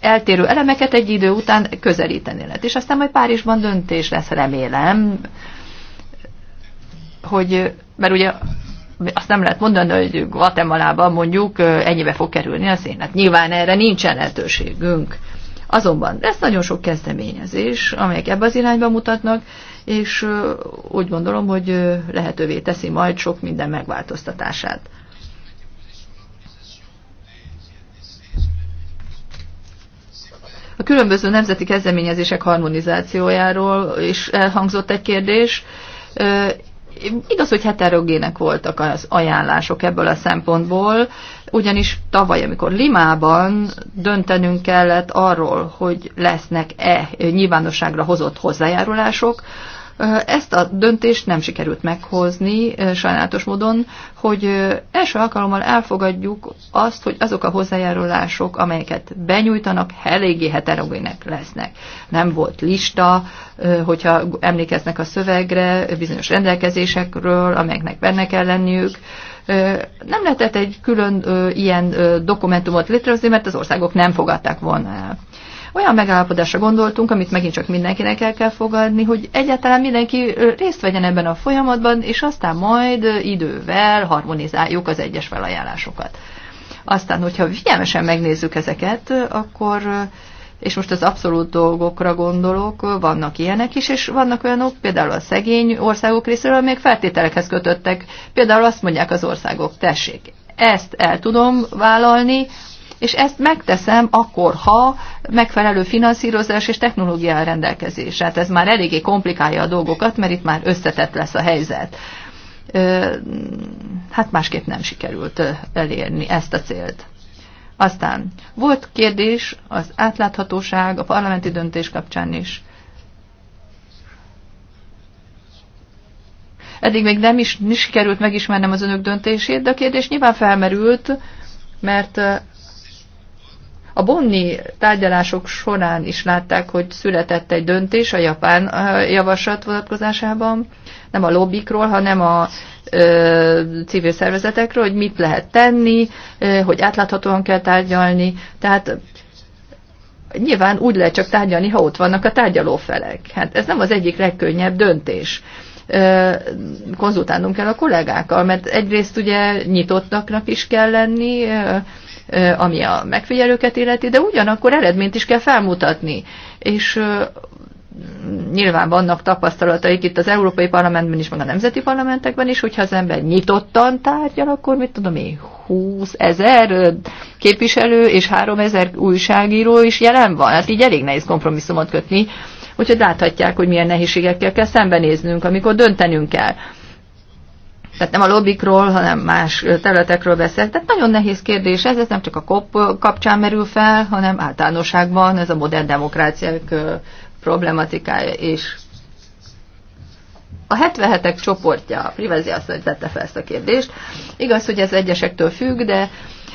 eltérő elemeket egy idő után közelíteni lehet. És aztán majd Párizsban döntés lesz, remélem, hogy, mert ugye azt nem lehet mondani, hogy Guatemalában mondjuk ennyibe fog kerülni a Hát Nyilván erre nincsen lehetőségünk. Azonban lesz nagyon sok kezdeményezés, amelyek ebbe az irányba mutatnak, és úgy gondolom, hogy lehetővé teszi majd sok minden megváltoztatását. A különböző nemzeti kezdeményezések harmonizációjáról is elhangzott egy kérdés. Igaz, hogy heterogének voltak az ajánlások ebből a szempontból, ugyanis tavaly, amikor Limában döntenünk kellett arról, hogy lesznek-e nyilvánosságra hozott hozzájárulások, ezt a döntést nem sikerült meghozni sajnálatos módon, hogy első alkalommal elfogadjuk azt, hogy azok a hozzájárulások, amelyeket benyújtanak, eléggé heterogének lesznek. Nem volt lista, hogyha emlékeznek a szövegre, bizonyos rendelkezésekről, amelyeknek benne kell lenniük, nem lehetett egy külön ilyen dokumentumot létrehozni, mert az országok nem fogadták volna el. Olyan megállapodásra gondoltunk, amit megint csak mindenkinek el kell fogadni, hogy egyáltalán mindenki részt vegyen ebben a folyamatban, és aztán majd idővel harmonizáljuk az egyes felajánlásokat. Aztán, hogyha figyelmesen megnézzük ezeket, akkor és most az abszolút dolgokra gondolok, vannak ilyenek is, és vannak olyanok, például a szegény országok részéről, még feltételekhez kötöttek. Például azt mondják az országok, tessék, ezt el tudom vállalni, és ezt megteszem akkor, ha megfelelő finanszírozás és technológia rendelkezés. Hát ez már eléggé komplikálja a dolgokat, mert itt már összetett lesz a helyzet. Hát másképp nem sikerült elérni ezt a célt. Aztán volt kérdés az átláthatóság a parlamenti döntés kapcsán is. Eddig még nem is, is sikerült megismernem az önök döntését, de a kérdés nyilván felmerült, mert a bonni tárgyalások során is látták, hogy született egy döntés a japán javaslat vonatkozásában, nem a lobbikról, hanem a ö, civil szervezetekről, hogy mit lehet tenni, ö, hogy átláthatóan kell tárgyalni. Tehát nyilván úgy lehet csak tárgyalni, ha ott vannak a tárgyalófelek. Hát ez nem az egyik legkönnyebb döntés konzultálnunk kell a kollégákkal, mert egyrészt ugye nyitottaknak is kell lenni, ami a megfigyelőket illeti, de ugyanakkor eredményt is kell felmutatni. És nyilván vannak tapasztalataik itt az Európai Parlamentben is, meg a nemzeti parlamentekben is, hogyha az ember nyitottan tárgyal, akkor mit tudom én, 20 ezer képviselő és 3 ezer újságíró is jelen van. Hát így elég nehéz kompromisszumot kötni, úgyhogy láthatják, hogy milyen nehézségekkel kell szembenéznünk, amikor döntenünk kell tehát nem a lobbikról, hanem más területekről beszél. Tehát nagyon nehéz kérdés ez, ez nem csak a COP kapcsán merül fel, hanem általánosságban ez a modern demokráciák problematikája is. A 77-ek csoportja, Privezi azt tette fel ezt a kérdést. Igaz, hogy ez egyesektől függ, de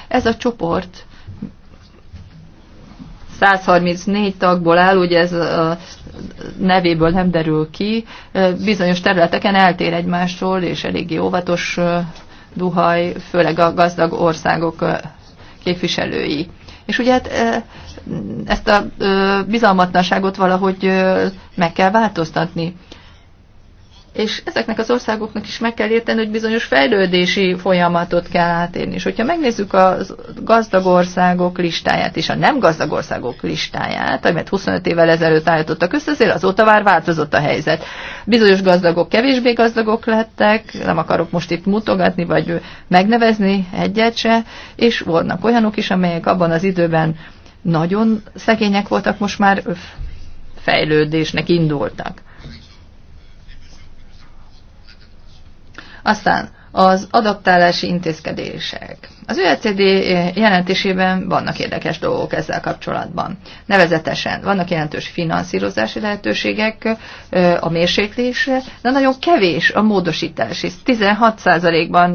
ez a csoport 134 tagból áll, ugye ez a nevéből nem derül ki, bizonyos területeken eltér egymástól, és eléggé óvatos duhaj, főleg a gazdag országok képviselői. És ugye hát ezt a bizalmatlanságot valahogy meg kell változtatni és ezeknek az országoknak is meg kell érteni, hogy bizonyos fejlődési folyamatot kell átérni. És hogyha megnézzük a gazdag országok listáját és a nem gazdag országok listáját, amit 25 évvel ezelőtt állítottak össze, azért azóta már változott a helyzet. Bizonyos gazdagok kevésbé gazdagok lettek, nem akarok most itt mutogatni vagy megnevezni egyet se, és vannak olyanok is, amelyek abban az időben nagyon szegények voltak, most már fejlődésnek indultak. Aztán az adaptálási intézkedések. Az OECD jelentésében vannak érdekes dolgok ezzel kapcsolatban. Nevezetesen vannak jelentős finanszírozási lehetőségek a mérséklésre, de nagyon kevés a módosítás, és 16%-ban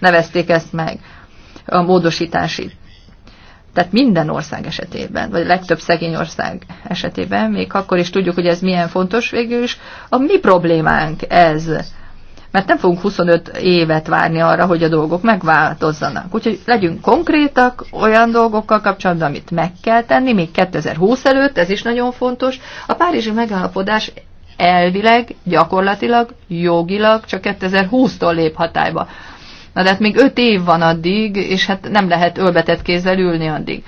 nevezték ezt meg a módosítási tehát minden ország esetében, vagy a legtöbb szegény ország esetében, még akkor is tudjuk, hogy ez milyen fontos végül is, a mi problémánk ez. Mert nem fogunk 25 évet várni arra, hogy a dolgok megváltozzanak. Úgyhogy legyünk konkrétak olyan dolgokkal kapcsolatban, amit meg kell tenni, még 2020 előtt, ez is nagyon fontos. A Párizsi megállapodás elvileg, gyakorlatilag, jogilag csak 2020-tól lép hatályba. Na de hát még öt év van addig, és hát nem lehet ölbetett kézzel ülni addig.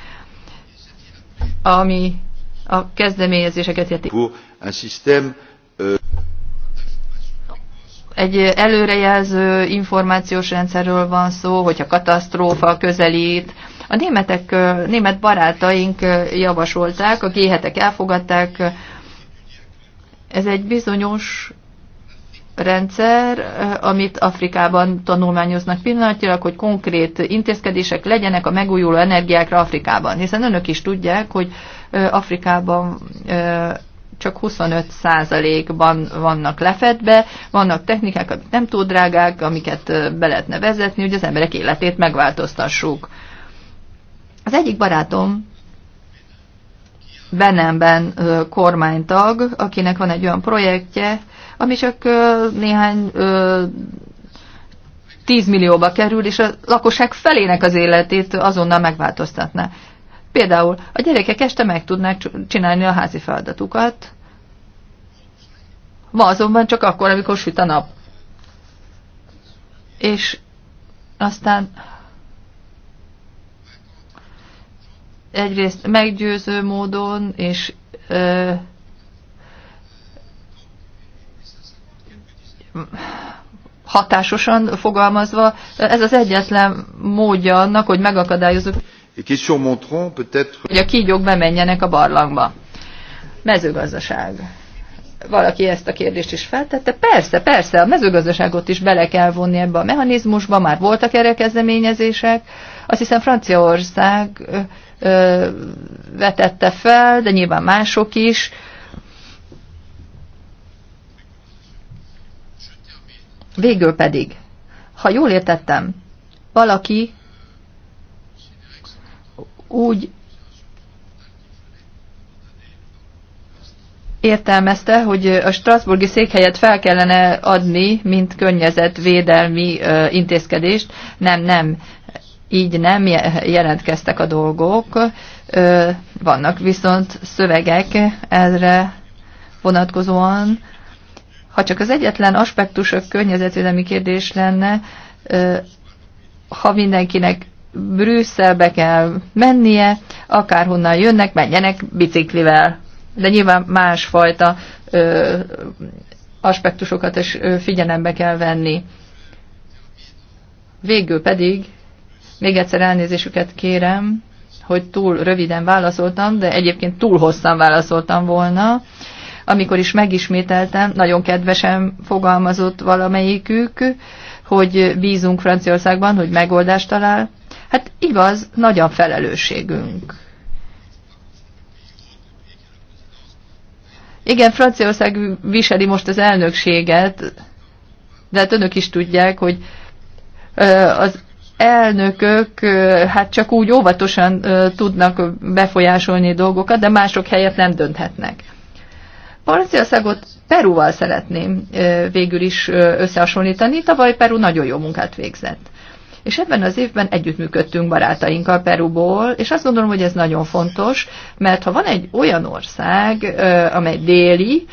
Ami a kezdeményezéseket jelenti. Euh, egy előrejelző információs rendszerről van szó, hogyha katasztrófa közelít. A németek, német barátaink javasolták, a g elfogadták, ez egy bizonyos rendszer, eh, amit Afrikában tanulmányoznak pillanatilag, hogy konkrét intézkedések legyenek a megújuló energiákra Afrikában. Hiszen önök is tudják, hogy eh, Afrikában eh, csak 25 százalékban vannak lefedve, vannak technikák, amik nem túl drágák, amiket be lehetne vezetni, hogy az emberek életét megváltoztassuk. Az egyik barátom Benemben kormánytag, akinek van egy olyan projektje, ami csak néhány ö, 10 millióba kerül, és a lakosság felének az életét azonnal megváltoztatná. Például a gyerekek este meg tudnák csinálni a házi feladatukat, ma azonban csak akkor, amikor süt a nap. És aztán egyrészt meggyőző módon és ö, hatásosan fogalmazva, ez az egyetlen módja annak, hogy megakadályozunk, hogy a kígyók bemenjenek a barlangba. Mezőgazdaság. Valaki ezt a kérdést is feltette. Persze, persze, a mezőgazdaságot is bele kell vonni ebbe a mechanizmusba, már voltak erre kezdeményezések. Azt hiszem Franciaország ö, ö, vetette fel, de nyilván mások is. Ö, Végül pedig, ha jól értettem, valaki úgy értelmezte, hogy a Strasburgi székhelyet fel kellene adni, mint környezetvédelmi intézkedést. Nem, nem, így nem jelentkeztek a dolgok. Vannak viszont szövegek erre vonatkozóan, ha csak az egyetlen aspektusok környezetvédelmi kérdés lenne, ha mindenkinek Brüsszelbe kell mennie, akárhonnan jönnek, menjenek biciklivel. De nyilván másfajta ö, aspektusokat is figyelembe kell venni. Végül pedig, még egyszer elnézésüket kérem, hogy túl röviden válaszoltam, de egyébként túl hosszan válaszoltam volna amikor is megismételtem, nagyon kedvesen fogalmazott valamelyikük, hogy bízunk Franciaországban, hogy megoldást talál. Hát igaz, nagy a felelősségünk. Igen, Franciaország viseli most az elnökséget, de hát önök is tudják, hogy az elnökök hát csak úgy óvatosan tudnak befolyásolni dolgokat, de mások helyett nem dönthetnek. Franciaországot Perúval szeretném végül is összehasonlítani. Tavaly Peru nagyon jó munkát végzett. És ebben az évben együttműködtünk barátainkkal Perúból, és azt gondolom, hogy ez nagyon fontos, mert ha van egy olyan ország, amely déli,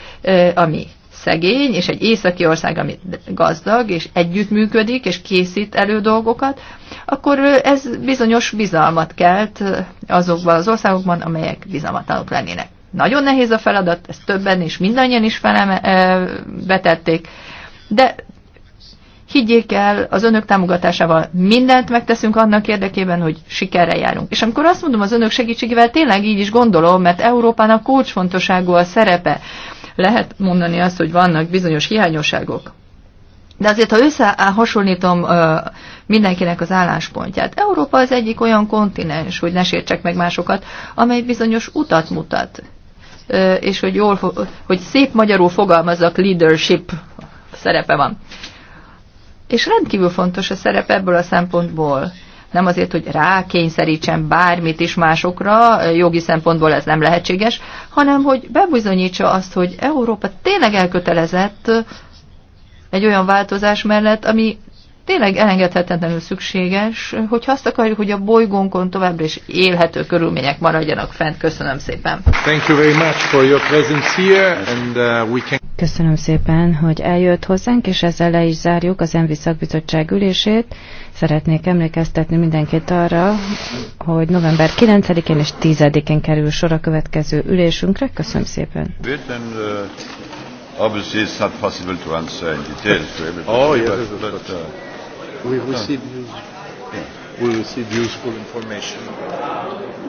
ami szegény, és egy északi ország, ami gazdag, és együttműködik, és készít elő dolgokat, akkor ez bizonyos bizalmat kelt azokban az országokban, amelyek bizalmatlanok lennének. Nagyon nehéz a feladat, ezt többen is mindannyian is felem, betették, de higgyék el, az önök támogatásával mindent megteszünk annak érdekében, hogy sikerre járunk. És amikor azt mondom az önök segítségével, tényleg így is gondolom, mert Európának kulcsfontosságú a szerepe. Lehet mondani azt, hogy vannak bizonyos hiányosságok. De azért, ha összehasonlítom mindenkinek az álláspontját, Európa az egyik olyan kontinens, hogy ne sértsek meg másokat, amely bizonyos utat mutat és hogy, jól, hogy szép magyarul fogalmazzak, leadership szerepe van. És rendkívül fontos a szerep ebből a szempontból. Nem azért, hogy rákényszerítsen bármit is másokra, jogi szempontból ez nem lehetséges, hanem hogy bebizonyítsa azt, hogy Európa tényleg elkötelezett egy olyan változás mellett, ami tényleg elengedhetetlenül szükséges, hogyha azt akarjuk, hogy a bolygónkon továbbra is élhető körülmények maradjanak fent. Köszönöm szépen. Thank you very much for your presence here, and, uh, we can... Köszönöm szépen, hogy eljött hozzánk, és ezzel le is zárjuk az ENVI szakbizottság ülését. Szeretnék emlékeztetni mindenkit arra, hogy november 9-én és 10-én kerül sor a következő ülésünkre. Köszönöm szépen. Uh, obviously, it's not possible to answer in detail to everybody. Oh, yes, but, but, uh, We received useful, useful information.